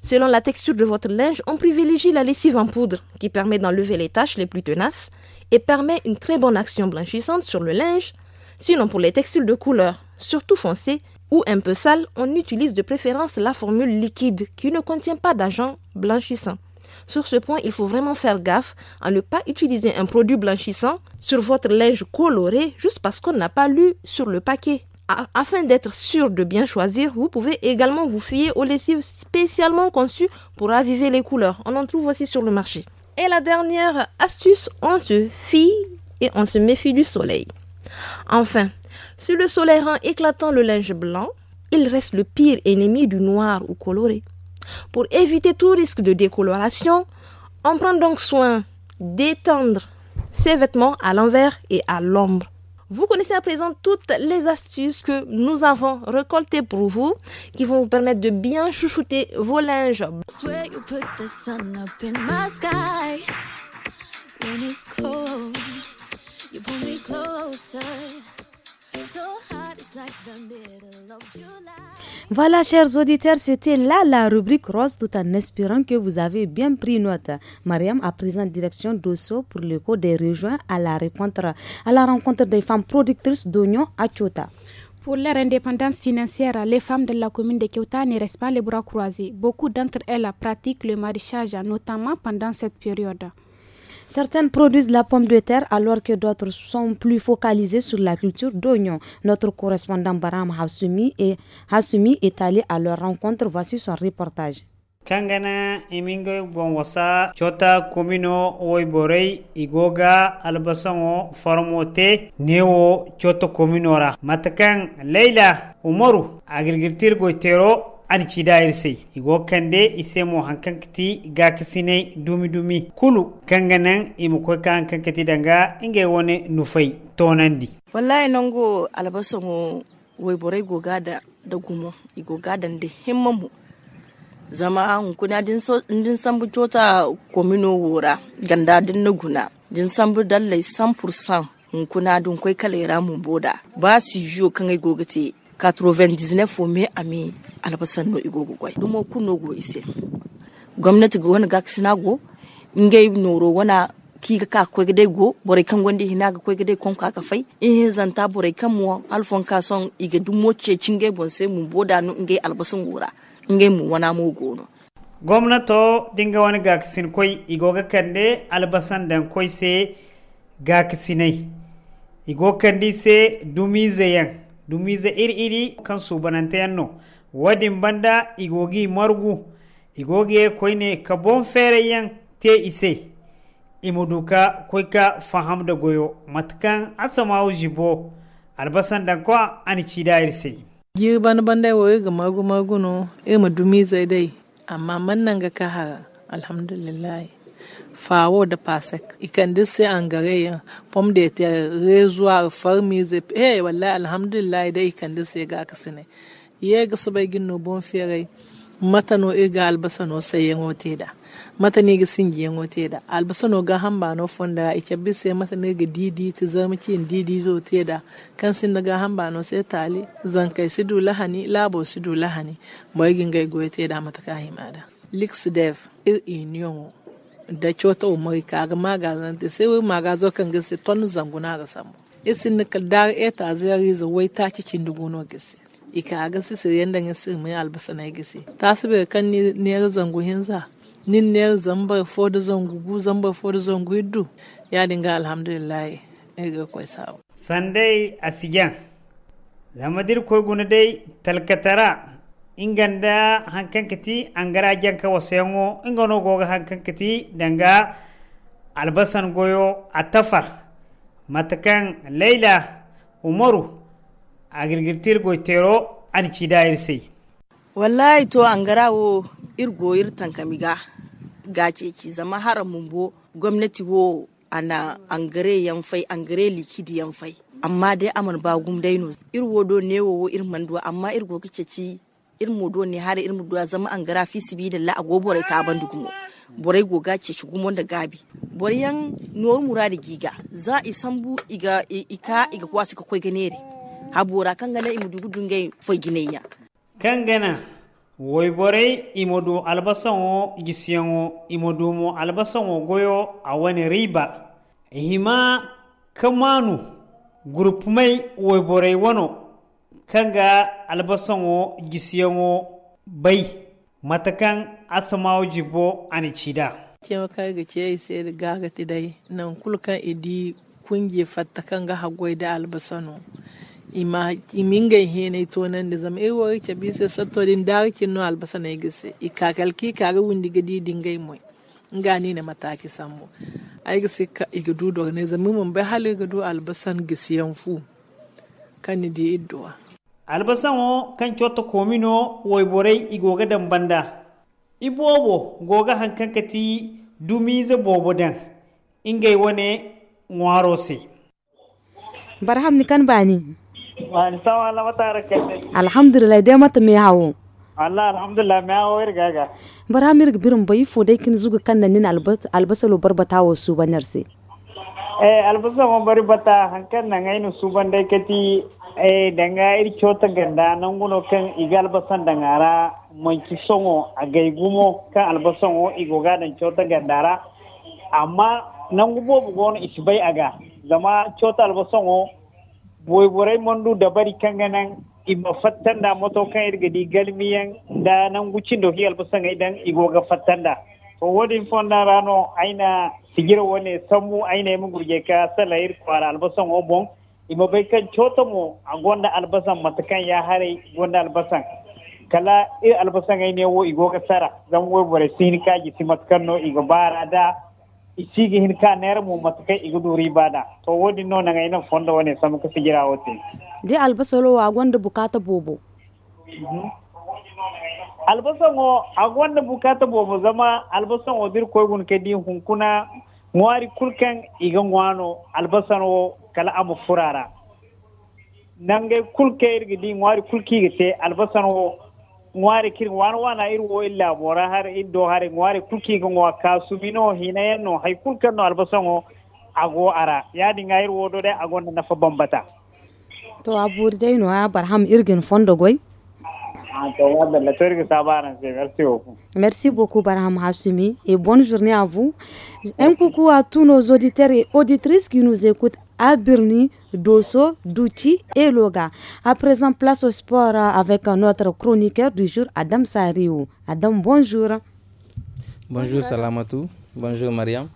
Selon la texture de votre linge, on privilégie la lessive en poudre qui permet d'enlever les taches les plus tenaces et permet une très bonne action blanchissante sur le linge. Sinon, pour les textiles de couleur, surtout foncées ou un peu sales, on utilise de préférence la formule liquide qui ne contient pas d'agent blanchissant. Sur ce point, il faut vraiment faire gaffe à ne pas utiliser un produit blanchissant sur votre linge coloré juste parce qu'on n'a pas lu sur le paquet. Afin d'être sûr de bien choisir, vous pouvez également vous fier aux lessives spécialement conçues pour raviver les couleurs. On en trouve aussi sur le marché. Et la dernière astuce, on se fie et on se méfie du soleil. Enfin, si le soleil rend éclatant le linge blanc, il reste le pire ennemi du noir ou coloré. Pour éviter tout risque de décoloration, on prend donc soin d'étendre ses vêtements à l'envers et à l'ombre. Vous connaissez à présent toutes les astuces que nous avons récoltées pour vous qui vont vous permettre de bien chouchouter vos linges. Voilà, chers auditeurs, c'était là la rubrique rose, tout en espérant que vous avez bien pris note. Mariam, présenté présent, direction d'Osso pour le cours des rejoints à la, rencontre, à la rencontre des femmes productrices d'oignons à Chota. Pour leur indépendance financière, les femmes de la commune de Kyoto ne restent pas les bras croisés. Beaucoup d'entre elles pratiquent le maraîchage, notamment pendant cette période. Certaines produisent la pomme de terre alors que d'autres sont plus focalisées sur la culture d'oignons. Notre correspondant Baram Hassoumi est, Hassoumi est allé à leur rencontre. Voici son reportage. kangana imingo Bonwasa chota komino oiborei igoga albasango formote newo chota kominora matakan leila umaru agirgirtir goitero arcidairse igo kande isemo hankankati ga kasine dumi dumi kulu kanganan imukwe ka hankankati danga inge wone nufai tonandi wallahi nango albasa ngo waiborai goga gada da gumo da da himmamu zama nkuna din sambu cota komino wura ganda din na guna din sambu dalle 100% hunkuna dun kwai kalera mun boda ba su yiwu kan gogate 99 me ami albasan no gwai dumo kuno go ise gwamnati go wani gaksi na go ki ka ko go bore kan hina ga ko kon ka fai in hin zanta bore kan mu alfon ka son dumo ce cinge bon sai mun boda no ngai albasan gora ngai mu wana mu gwamnato dinga wani gakisin koi ga kande albasan dan koi se gakisinai igo kandi se dumi zeyan za iri iri kan yanno wadin banda igogi margu igogiye ne ka bon yan te ise imuduka faham da goyo matakan asamawu jibo albasan danko ani cida irse yi banda banda wo ga magu magu no e dumi dai amma mannan ga kaha alhamdulillah fawo da pasek ikandi se angare pom de te rezoar farmize eh wallahi alhamdulillah da ikandi se ga kasine ye ga subai ginno bon fere mata no iga e albasa no sai yin wote da mata ne ga singi yin wote da albasa no ga hamba no fonda ike bi sai mata ne ga didi ta zama ki didi zo te da kan sin daga hamba no sai tali zan kai sidu lahani labo sidu lahani boy gin gai goye te da mata ka himada lix dev inyo da chota o mai kaga magazan te sai wai magazo kan gese ton zanguna ga samu isin ni kadar eta zari za wai ta ci cin dugono gese ika ga su sai yanda ne su mai albasa na gese ta su be kan ni ne zangu hinza nin ne zamba da zangu bu zamba fodo zangu iddu ya dinga alhamdulillah e ga kwai sawo sandai asigan zamadir ko guna dai talkatara inganda hankankati angara janka wasayango ingano goga hankankati danga albasan goyo atafar matakan laila umaru a girgirtir goitero an ci dayar sai wallahi to angara wo irgo irtan kamiga gace ki zama haramun bo gwamnati wo ana angare yanfai angare likidi yanfai amma dai aman bagum daino irwo do ne irman do amma irgo kice ci irmo do ne har irmu do zama an gara fi sibi da la gobe rai ta ban dugumo borai goga ce shi da gabi borayan nuwar mura da giga za i sambu iga ika iga kwa suka kwai ganere habora kan gana imu dugu dungai foi gineya kan gana woi borai albasan o gisiyan o imodu mo albasan o goyo a wani riba hima kamanu gurpumai woi borai wano kanga gisiyan wo bai matakan asamawo jibo ani cida kewa kaga ke sai da gaga tidai nan kulkan idi kunge fatta ga hagwai da albasan wo ima iminga hene to nan da zama ewo ke bisa satorin darkin no albasana gise ikakalki kare wundi gadi dingai moy ngani na mataki sammo ai gisi ka igudu do ne zama mun bai hali gudu albasan gisiyan fu kan di iddowa o kan cota komino i goga dan banda i bobo goga hankan kati dumize bobo dan ingay wane ŋwaro se barham ni kan bani alhamdulillah dai mata me hawo Allah alhamdulillah me hawo irga ga barham irga birin bai fo dai kin zuga kan nan albasalo barbatawo su banar se eh albasan bari bata hankan nan ainu su ban dai kati eh danga ir kyota ganda nan kan iga albasan dangara manki songo a gaigumo kan albasan o igo gadan kyota gandara amma nan gubo bugon isbai aga zama kyota albasan o boy borai mandu dabari bari kan ganan ima fattan da moto kan irga di galmiyan da nangu gucin doki albasan idan igo ga fattan da to wadin fonda rano aina sigira wone sammu aina mu gurje ka salayir kwara albasan bon bai kan coto mu a gonda albasan matakan ya hare gonda albasan kala ir albasan ai ne wo igo kasara zan wo bore sin ka ji ti matakan no igo bara da isi gi hin ka ner mu matakan igo duri bada to wodi no nan ai nan fonda wane sam ka sigira wote de albasalo wa gonda bukata bobo mhm. albasan o a gonda bukata bobo zama albasan o dir koygun ke din hunkuna ngwari kulkan igan wano albasan o kala amu furara nange kulke irgi di ngwari kulki gite albasan wo ngwari kir wan wana ir wo illa har iddo har ngwari kulki go ngwa kasumino hinayen no hay kulkan no albasan wo ago ara yadi ngair wo do de ago na fa to abur dai no abraham irgin fondo goy Merci beaucoup, Barham Hafsumi, et bonne journée à vous. Un coucou à tous nos auditeurs et auditrices qui nous écoutent à Birni, Dosso, et Loga. À présent, place au sport avec notre chroniqueur du jour, Adam Sariou. Adam, bonjour. Bonjour Salamatou. Bonjour Mariam.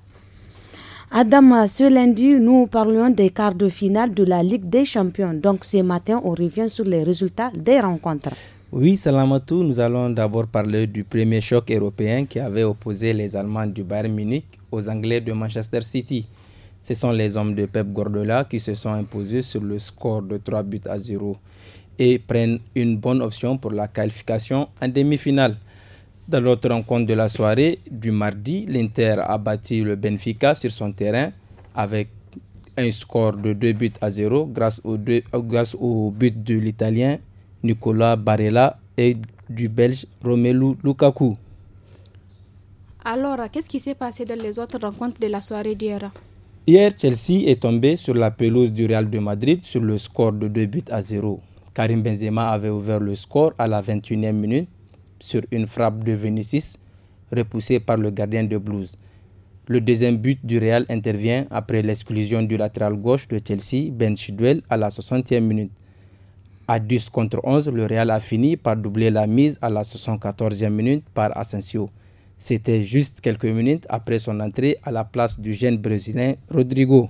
Adam, ce lundi, nous parlions des quarts de finale de la Ligue des Champions. Donc ce matin, on revient sur les résultats des rencontres. Oui, Salamatou, nous allons d'abord parler du premier choc européen qui avait opposé les Allemands du Bayern Munich aux Anglais de Manchester City. Ce sont les hommes de Pep Gordola qui se sont imposés sur le score de 3 buts à 0 et prennent une bonne option pour la qualification en demi-finale. Dans l'autre rencontre de la soirée du mardi, l'Inter a battu le Benfica sur son terrain avec un score de 2 buts à 0 euh, grâce au, but de l'Italien Nicolas Barella et du Belge Romelu Lukaku. Alors, qu'est-ce qui s'est passé dans les autres rencontres de la soirée d'hier Hier, Chelsea est tombé sur la pelouse du Real de Madrid sur le score de 2 buts à 0. Karim Benzema avait ouvert le score à la 21e minute sur une frappe de Vinicius repoussée par le gardien de Blues. Le deuxième but du Real intervient après l'exclusion du latéral gauche de Chelsea, Ben Chidwell, à la 60e minute. À 10 contre 11, le Real a fini par doubler la mise à la 74e minute par Asensio. C'était juste quelques minutes après son entrée à la place du jeune Brésilien Rodrigo.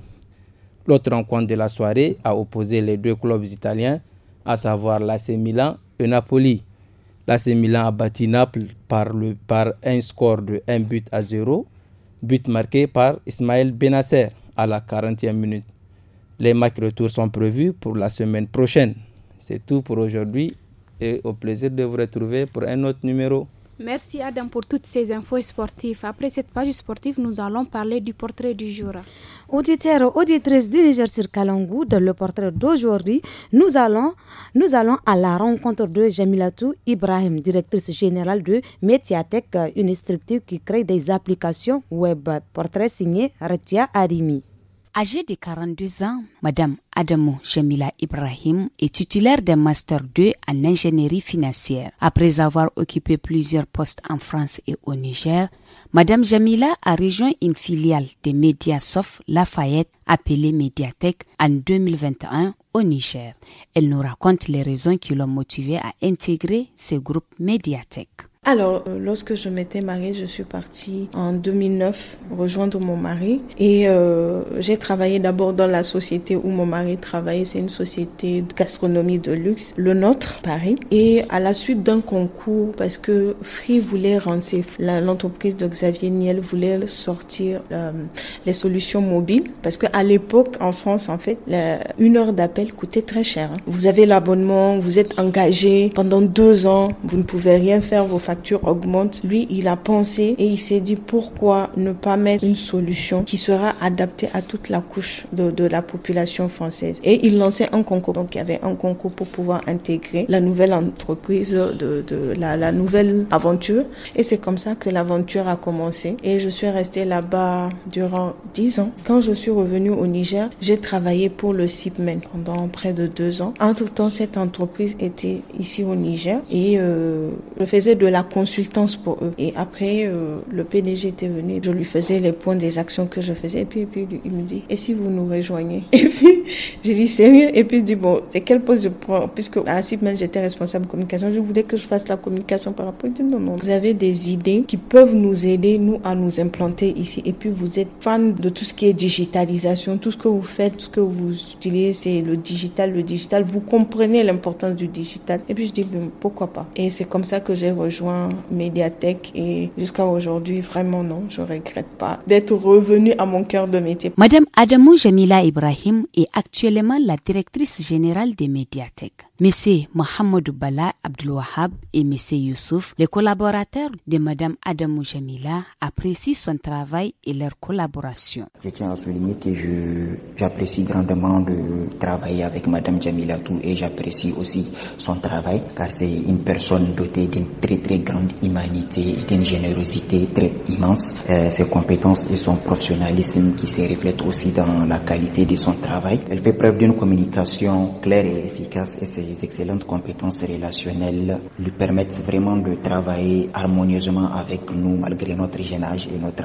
L'autre rencontre de la soirée a opposé les deux clubs italiens, à savoir l'AC Milan et Napoli. L'AC Milan a battu Naples par, le, un score de 1 but à 0, but marqué par Ismaël Benasser à la 40e minute. Les matchs retour sont prévus pour la semaine prochaine. C'est tout pour aujourd'hui et au plaisir de vous retrouver pour un autre numéro. Merci Adam pour toutes ces infos sportives. Après cette page sportive, nous allons parler du portrait du jour. Auditeurs, auditrices du Niger sur Kalangou, dans le portrait d'aujourd'hui, nous allons, nous allons à la rencontre de Jamilatou Ibrahim, directrice générale de Métiatech une structure qui crée des applications web. Portrait signé Retia Arimi. Âgée de 42 ans, Madame Adamo Jamila Ibrahim est titulaire d'un Master 2 en ingénierie financière. Après avoir occupé plusieurs postes en France et au Niger, Madame Jamila a rejoint une filiale de Mediasoft Lafayette appelée Mediatek en 2021 au Niger. Elle nous raconte les raisons qui l'ont motivée à intégrer ce groupe Mediatek. Alors, euh, lorsque je m'étais mariée, je suis partie en 2009 rejoindre mon mari et euh, j'ai travaillé d'abord dans la société où mon mari travaillait. C'est une société de gastronomie de luxe, le nôtre, Paris. Et à la suite d'un concours, parce que Free voulait lancer, l'entreprise de Xavier Niel voulait sortir euh, les solutions mobiles, parce qu'à l'époque, en France, en fait, une heure d'appel coûtait très cher. Hein. Vous avez l'abonnement, vous êtes engagé pendant deux ans, vous ne pouvez rien faire, vos factures augmente, lui, il a pensé et il s'est dit pourquoi ne pas mettre une solution qui sera adaptée à toute la couche de, la population française. Et il lançait un concours. Donc il y avait un concours pour pouvoir intégrer la nouvelle entreprise, de, la, nouvelle aventure. Et c'est comme ça que l'aventure a commencé. Et je suis restée là-bas durant dix ans. Quand je suis revenue au Niger, j'ai travaillé pour le SIPMEN pendant près de deux ans. Entre-temps, cette entreprise était ici au Niger et euh, je faisais de la consultance pour eux. Et après, euh, le PDG était venu, je lui faisais les points des actions que je faisais, et puis, il me dit, et si vous nous rejoignez Et puis, j'ai dit, sérieux Et puis, il dit, bon, c'est quel poste je prends Puisque à même j'étais responsable de communication, je voulais que je fasse la communication par rapport. Il dit, non, non, vous avez des idées qui peuvent nous aider, nous, à nous implanter ici. Et puis, vous êtes fan de tout ce qui est digitalisation, tout ce que vous faites, tout ce que vous utilisez, c'est le digital, le digital. Vous comprenez l'importance du digital. Et puis, je dis, pourquoi pas Et c'est comme ça que j'ai rejoint médiathèque et jusqu'à aujourd'hui, vraiment non, je regrette pas d'être revenue à mon cœur de métier. Madame Adamou Jamila Ibrahim est actuellement la directrice générale des médiathèques. Monsieur Mohamed Bala Abdelwahab et Monsieur Youssouf, les collaborateurs de Madame Adamou Jamila, apprécient son travail et leur collaboration. Je tiens à souligner que j'apprécie grandement de travailler avec Madame Jamila Tou et j'apprécie aussi son travail car c'est une personne dotée d'une très très grande humanité et d'une générosité très immense. Euh, ses compétences et son professionnalisme qui se reflètent aussi dans la qualité de son travail. Elle fait preuve d'une communication claire et efficace et c'est ses excellentes compétences relationnelles lui permettent vraiment de travailler harmonieusement avec nous malgré notre jeune âge et notre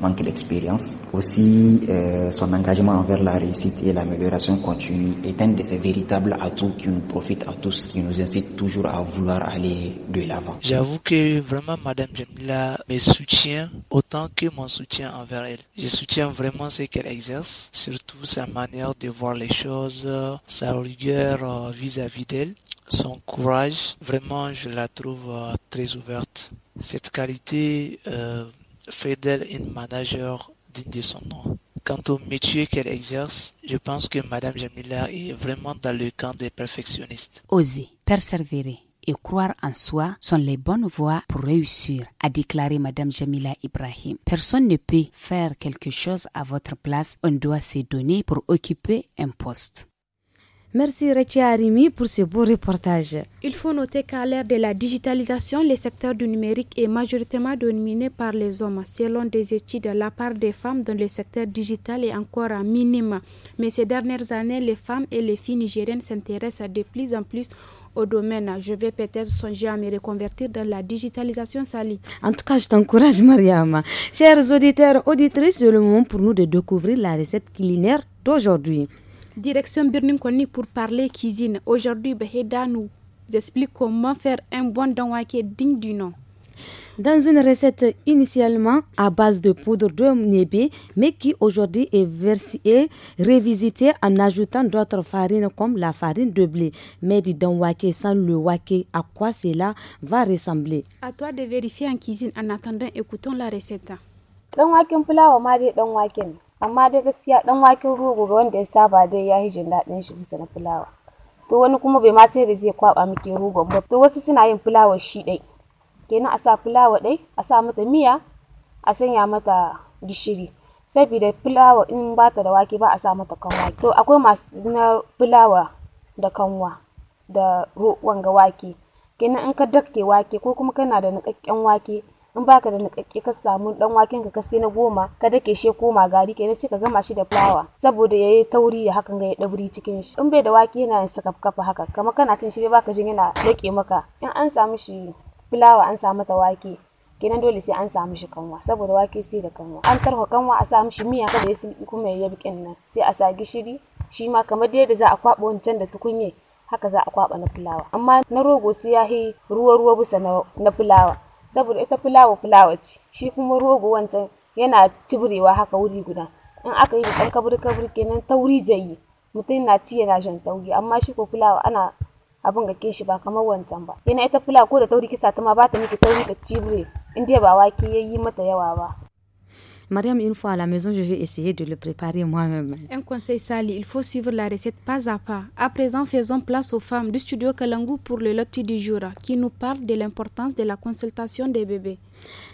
manque d'expérience. Aussi, euh, son engagement envers la réussite et l'amélioration continue est un de ses véritables atouts qui nous profite à tous, qui nous incite toujours à vouloir aller de l'avant. J'avoue que vraiment Madame Jamila me soutient autant que mon soutien envers elle. Je soutiens vraiment ce qu'elle exerce, surtout sa manière de voir les choses, sa rigueur euh, vis-à-vis fidèle. Son courage, vraiment, je la trouve euh, très ouverte. Cette qualité euh, fait d'elle une manager digne de son nom. Quant au métier qu'elle exerce, je pense que Madame Jamila est vraiment dans le camp des perfectionnistes. Oser, persévérer, et croire en soi sont les bonnes voies pour réussir, a déclaré Madame Jamila Ibrahim. Personne ne peut faire quelque chose à votre place. On doit se donner pour occuper un poste. Merci Rechia Arimi pour ce beau reportage. Il faut noter qu'à l'ère de la digitalisation, le secteur du numérique est majoritairement dominé par les hommes. Selon des études, la part des femmes dans le secteur digital est encore à minime. Mais ces dernières années, les femmes et les filles nigériennes s'intéressent de plus en plus au domaine. Je vais peut-être songer à me reconvertir dans la digitalisation, Sali. En tout cas, je t'encourage, [LAUGHS] Mariam. Chers auditeurs, auditrices, c'est le moment pour nous de découvrir la recette culinaire d'aujourd'hui. Direction Birnin Koni pour parler cuisine. Aujourd'hui, Beheda nous explique comment faire un bon danwake digne du nom. Dans une recette initialement à base de poudre de niébé, mais qui aujourd'hui est versée en ajoutant d'autres farines comme la farine de blé. Mais dit dans sans le waké, à quoi cela va ressembler À toi de vérifier en cuisine en attendant, écoutons la recette. Amma dai gaskiya ɗan waken rogo ga wanda ya saba dai ya yi jin daɗin shi bisa na fulawa. To wani kuma bai ma sai da zai kwaɓa miki rogon ba. To wasu suna yin fulawa shi ɗai. Kenan a sa fulawa ɗai, a sa mata miya, a sanya mata gishiri. saboda fulawa in ba ta da wake ba a sa mata kanwa. To akwai masu na fulawa da kanwa da wanga wake. Kenan in ka dakke wake ko kuma kana da nakakken wake in baka da nakakke ka samu dan waken ka sai na goma ka dake she koma gari kenan sai ka gama shi da fulawa saboda yayi tauri ya hakan ga ya dauri cikin shi in bai da wake yana kafa haka kamar kana cin shi dai baka jin yana lake maka in an samu shi fulawa an samu ta wake kenan dole sai an samu shi kanwa saboda wake sai da kanwa an tarho kanwa a samu shi miya kada ya sulki kuma ya yabi nan sai a sa gishiri shi ma kamar yadda za a kwaba wancan da tukunye haka za a kwaba na fulawa amma na rogo sai ya ruwa ruwa bisa na fulawa saboda ita fulawa fulawa ce shi kuma rogo wancan yana tuburewa haka wuri guda in aka yi da ɗan kabur kabur kenan tauri zai yi mutum na ci yana shan tauri amma shi ko fulawa ana abin ga shi ba kamar wancan ba yana ita fulawa ko da tauri kisa ta ma ba ta miki tauri da cibire in dai ba wake yi mata yawa ba Mariam, une fois à la maison, je vais essayer de le préparer moi-même. Un conseil, Sali, il faut suivre la recette pas à pas. À présent, faisons place aux femmes du studio Kalangu pour le loti du jour, qui nous parle de l'importance de la consultation des bébés.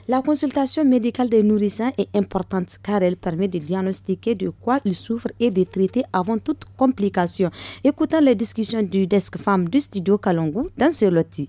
La consultation médicale des nourrissons est importante car elle permet de diagnostiquer de quoi ils souffrent et de traiter avant toute complication. Écoutons les discussions du desk femme du studio Kalangu dans ce loti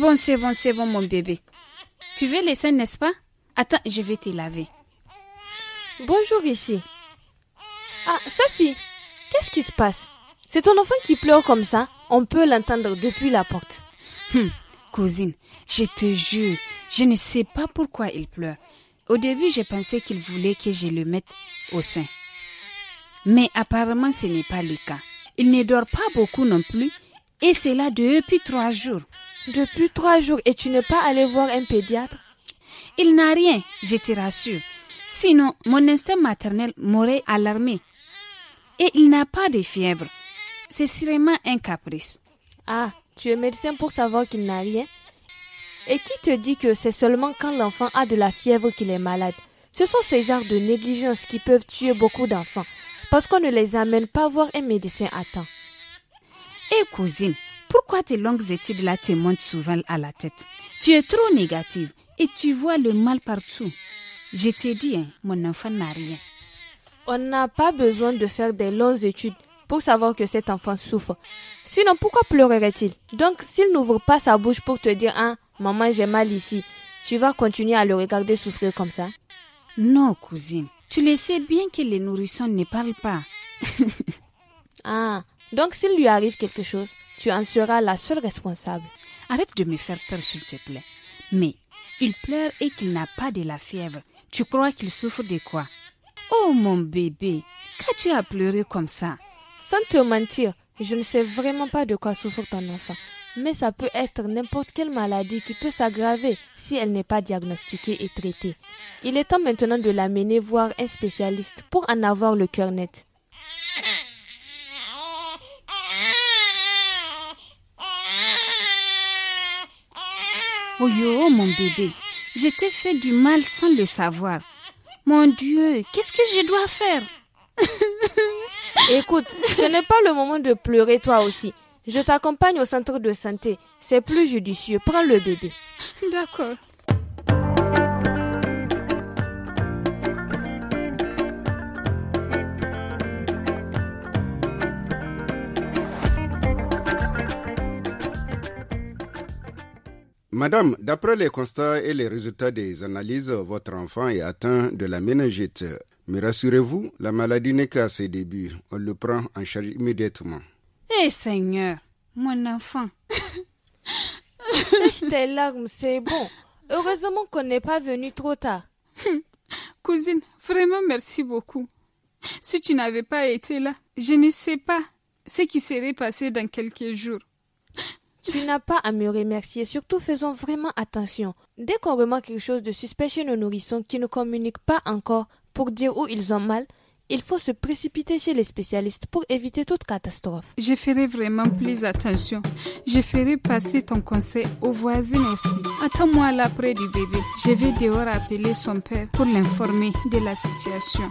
bon, c'est bon, c'est bon, mon bébé. Tu veux les seins, n'est-ce pas Attends, je vais te laver. Bonjour, ici. Ah, Safi, qu'est-ce qui se passe C'est ton enfant qui pleure comme ça. On peut l'entendre depuis la porte. Hum, cousine, je te jure, je ne sais pas pourquoi il pleure. Au début, je pensais qu'il voulait que je le mette au sein. Mais apparemment, ce n'est pas le cas. Il ne dort pas beaucoup non plus, et c'est là depuis trois jours. Depuis trois jours et tu n'es pas allé voir un pédiatre Il n'a rien, je te rassure. Sinon, mon instinct maternel m'aurait alarmé. Et il n'a pas de fièvre. C'est sûrement un caprice. Ah, tu es médecin pour savoir qu'il n'a rien Et qui te dit que c'est seulement quand l'enfant a de la fièvre qu'il est malade Ce sont ces genres de négligences qui peuvent tuer beaucoup d'enfants parce qu'on ne les amène pas voir un médecin à temps. Et eh, cousine, pourquoi tes longues études la te souvent à la tête Tu es trop négative et tu vois le mal partout. Je t'ai dit, hein, mon enfant n'a rien. On n'a pas besoin de faire des longues études pour savoir que cet enfant souffre. Sinon, pourquoi pleurerait-il Donc, s'il n'ouvre pas sa bouche pour te dire, hein, maman, j'ai mal ici, tu vas continuer à le regarder souffrir comme ça Non, cousine. Tu le sais bien que les nourrissons ne parlent pas. [LAUGHS] ah, donc s'il lui arrive quelque chose, tu en seras la seule responsable. Arrête de me faire peur, s'il te plaît. Mais il pleure et qu'il n'a pas de la fièvre. Tu crois qu'il souffre de quoi Oh mon bébé, qu'as-tu à pleurer comme ça Sans te mentir, je ne sais vraiment pas de quoi souffre ton enfant. Mais ça peut être n'importe quelle maladie qui peut s'aggraver si elle n'est pas diagnostiquée et traitée. Il est temps maintenant de l'amener voir un spécialiste pour en avoir le cœur net. Oh mon bébé, je t'ai fait du mal sans le savoir. Mon Dieu, qu'est-ce que je dois faire [LAUGHS] Écoute, ce n'est pas le moment de pleurer toi aussi. Je t'accompagne au centre de santé. C'est plus judicieux. Prends le bébé. D'accord. Madame, d'après les constats et les résultats des analyses, votre enfant est atteint de la méningite. Mais rassurez-vous, la maladie n'est qu'à ses débuts. On le prend en charge immédiatement. Eh Seigneur, mon enfant. tes larmes, c'est bon. Heureusement qu'on n'est pas venu trop tard. [LAUGHS] Cousine, vraiment merci beaucoup. Si tu n'avais pas été là, je ne sais pas ce qui serait passé dans quelques jours. Tu n'as pas à me remercier, surtout faisons vraiment attention. Dès qu'on remarque quelque chose de suspect chez nos nourrissons qui ne communiquent pas encore pour dire où ils ont mal, il faut se précipiter chez les spécialistes pour éviter toute catastrophe. Je ferai vraiment plus attention. Je ferai passer ton conseil aux voisines aussi. Attends-moi là près du bébé. Je vais dehors appeler son père pour l'informer de la situation.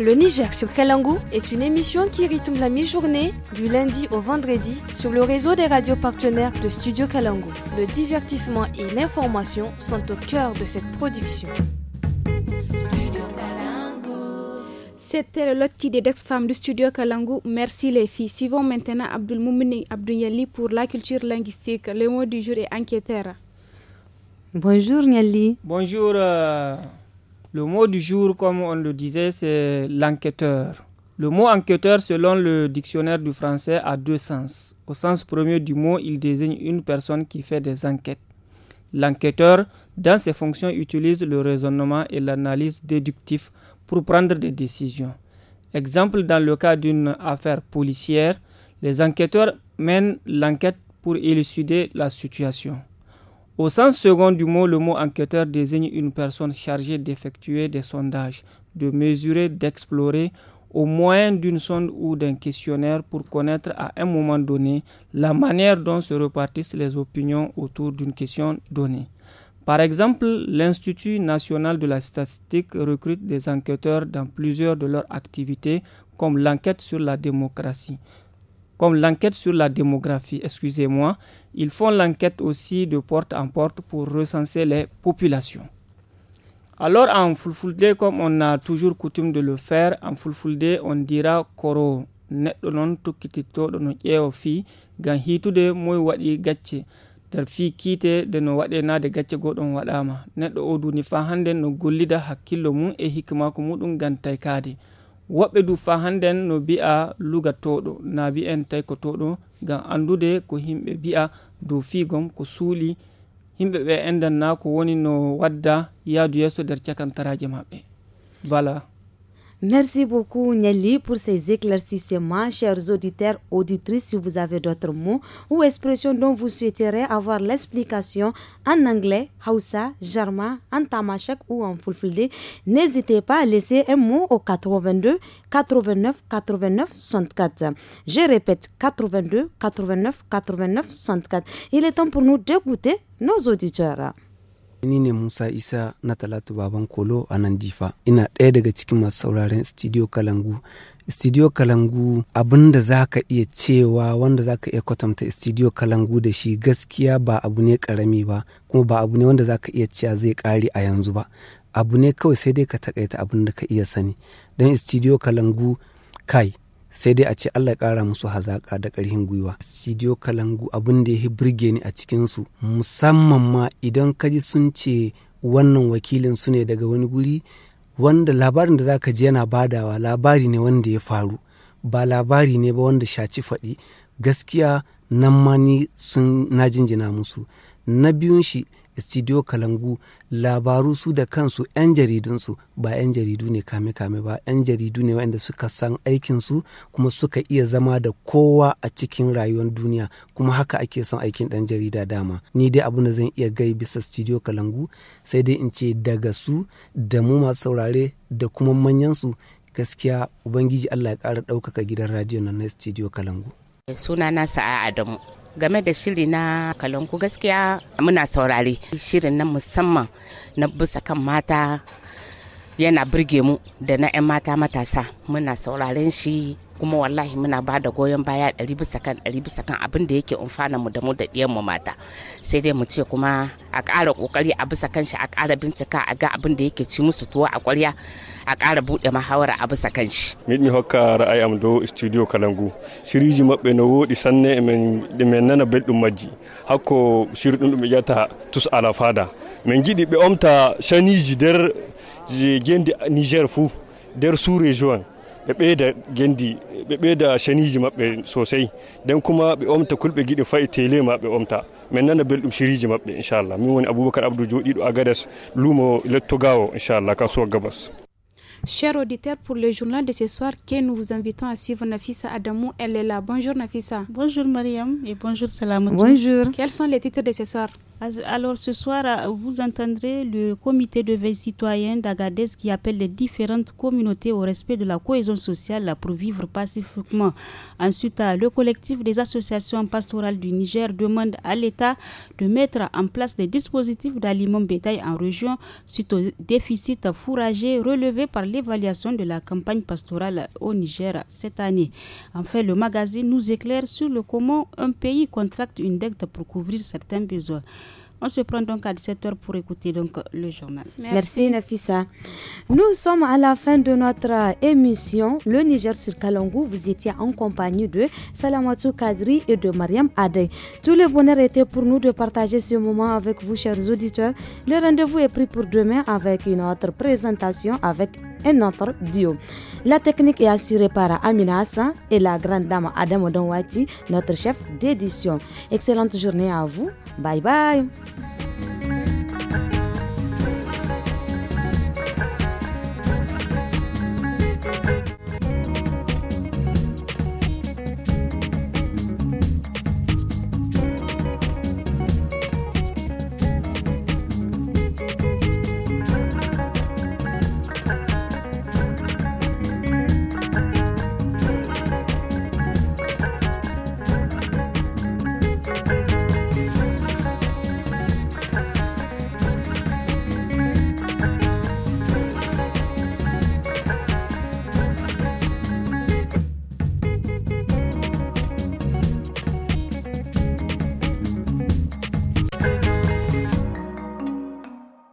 Le Niger sur Kalangu est une émission qui rythme la mi-journée du lundi au vendredi sur le réseau des radios partenaires de Studio Kalangu. Le divertissement et l'information sont au cœur de cette production. C'était le lot des Dex Femmes de studio Kalangu. Merci les filles. Suivons maintenant Abdul Moumouni Abdou pour la culture linguistique. Le mot du jour est enquêteur. Bonjour Niali. Bonjour. Euh, le mot du jour, comme on le disait, c'est l'enquêteur. Le mot enquêteur, selon le dictionnaire du français, a deux sens. Au sens premier du mot, il désigne une personne qui fait des enquêtes. L'enquêteur, dans ses fonctions, utilise le raisonnement et l'analyse déductif pour prendre des décisions. Exemple, dans le cas d'une affaire policière, les enquêteurs mènent l'enquête pour élucider la situation. Au sens second du mot, le mot enquêteur désigne une personne chargée d'effectuer des sondages, de mesurer, d'explorer au moyen d'une sonde ou d'un questionnaire pour connaître à un moment donné la manière dont se repartissent les opinions autour d'une question donnée. Par exemple, l'Institut national de la statistique recrute des enquêteurs dans plusieurs de leurs activités, comme l'enquête sur la démocratie comme l'enquête sur la démographie, excusez-moi, ils font l'enquête aussi de porte en porte pour recenser les populations. Alors en Fulfulde, comme on a toujours coutume de le faire, en Fulfulde on dira koro neɗɗo noon tokkitittoɗo no yeofi, fii ngam hiitude moye waɗi gacce nder fii kiite de no de gacce goɗon wadama neɗɗo o duni fa hande no gollida hakkillo mum e hikmako muɗum ngam woɓɓe du fa hannden no mbi'a luga toɗo na mbi'en tawi ko toɗo ga andude ko himɓe mbi'a dow fiigom ko suuli be ɓe na ko woni no wadda ya yeeso nder cakantaraje voilà Merci beaucoup Nelly pour ces éclaircissements. Chers auditeurs, auditrices, si vous avez d'autres mots ou expressions dont vous souhaiterez avoir l'explication en anglais, Hausa, Jarma, en Tamashek ou en Fulfulde, n'hésitez pas à laisser un mot au 82 89 89 64. Je répète 82 89 89 64. Il est temps pour nous d'écouter nos auditeurs. Ni ne Musa Isa na Talatu Baban Kolo a nan Difa. Ina ɗaya daga cikin masu sauraren Studio Kalangu. Studio Kalangu abin da za ka iya cewa wanda za ka iya kwatanta Studio Kalangu da shi gaskiya ba abu ne ƙarami ba, kuma ba abu ne wanda za ka iya cewa zai ƙare a yanzu ba. Abu ne kawai sai dai ka taƙaita abin da ka iya sani. Don Studio Kalangu kai sai dai a ce Allah ƙara musu hazaƙa da ƙarfin gwiwa Sidiyo kalangu abin da ya burge ni a cikinsu musamman ma idan ka ji sun ce wannan wakilin su ne daga wani guri wanda labarin da zaka ji yana badawa labari ne wanda ya faru ba labari ne ba wanda shaci faɗi gaskiya nan ma ni sun na jinjina musu na biyun shi studio kalangu labaru su da kansu 'yan jaridunsu ba 'yan jaridu ne kame-kame ba 'yan jaridu ne wanda suka san aikinsu kuma suka iya zama da kowa a cikin rayuwar duniya kuma haka ake son aikin ɗan jarida dama ni dai abin da zan iya gai bisa studio kalangu sai dai in ce daga su da mu masu saurare da kuma manyansu gaskiya ubangiji allah ya ƙara ɗaukaka gidan radio na studio kalangu sunana sa'a adamu game da shiri na kalanku gaskiya muna saurare shirin na musamman na bisa kan mata yana birge mu da na 'yan mata matasa muna sauraren shi kuma wallahi muna ba da goyon baya ɗari bisa kan ɗari bisa kan abin da yake umfana mu da mu da ɗiyan mu mata sai dai mu ce kuma a ƙara ƙoƙari a bisa kan shi a ƙara bincika a ga abin da yake ci musu tuwo a ƙwarya a ƙara buɗe mahawara a bisa kan shi. mi mi hokka ra'ayi am do studio Kalangu shiriji maɓɓe na woɗi sanne emen e nana belɗum majji hakko shiri ɗum ɗum ɓe ƴata tus ala fada min giɗi ɓe omta chaniji nder gendi Niger fu nder sous région ɓe ɓeyda gendi ɓe ɓeyda chaniji maɓɓe sosai den kuma ɓe omta kulɓe giɗi fayi tele ma ɓe omta min nana belɗum siriji maɓɓe inchallah min woni aboubacar abdou joɗiɗo agades lumo lettogawo inchallah kasuwa gabas Chers auditeurs, pour le journal de ce soir, que nous vous invitons à suivre Nafissa Adamou. Elle est là. Bonjour Nafissa. Bonjour Mariam et bonjour Salamotou. Bonjour. Quels sont les titres de ce soir alors ce soir, euh, vous entendrez le comité de veille citoyenne d'Agadez qui appelle les différentes communautés au respect de la cohésion sociale pour vivre pacifiquement. Ensuite, euh, le collectif des associations pastorales du Niger demande à l'État de mettre en place des dispositifs d'aliments bétail en région suite au déficit fourragé relevé par l'évaluation de la campagne pastorale au Niger cette année. Enfin, le magazine nous éclaire sur le comment un pays contracte une dette pour couvrir certains besoins. On se prend donc à 17h pour écouter donc le journal. Merci. Merci, Nafissa. Nous sommes à la fin de notre émission Le Niger sur Kalangou. Vous étiez en compagnie de Salamatou Kadri et de Mariam Adey. Tout le bonheur était pour nous de partager ce moment avec vous, chers auditeurs. Le rendez-vous est pris pour demain avec une autre présentation avec un autre duo. La technique est assurée par Amina Hassan et la grande dame Adam Odonwati, notre chef d'édition. Excellente journée à vous. Bye bye.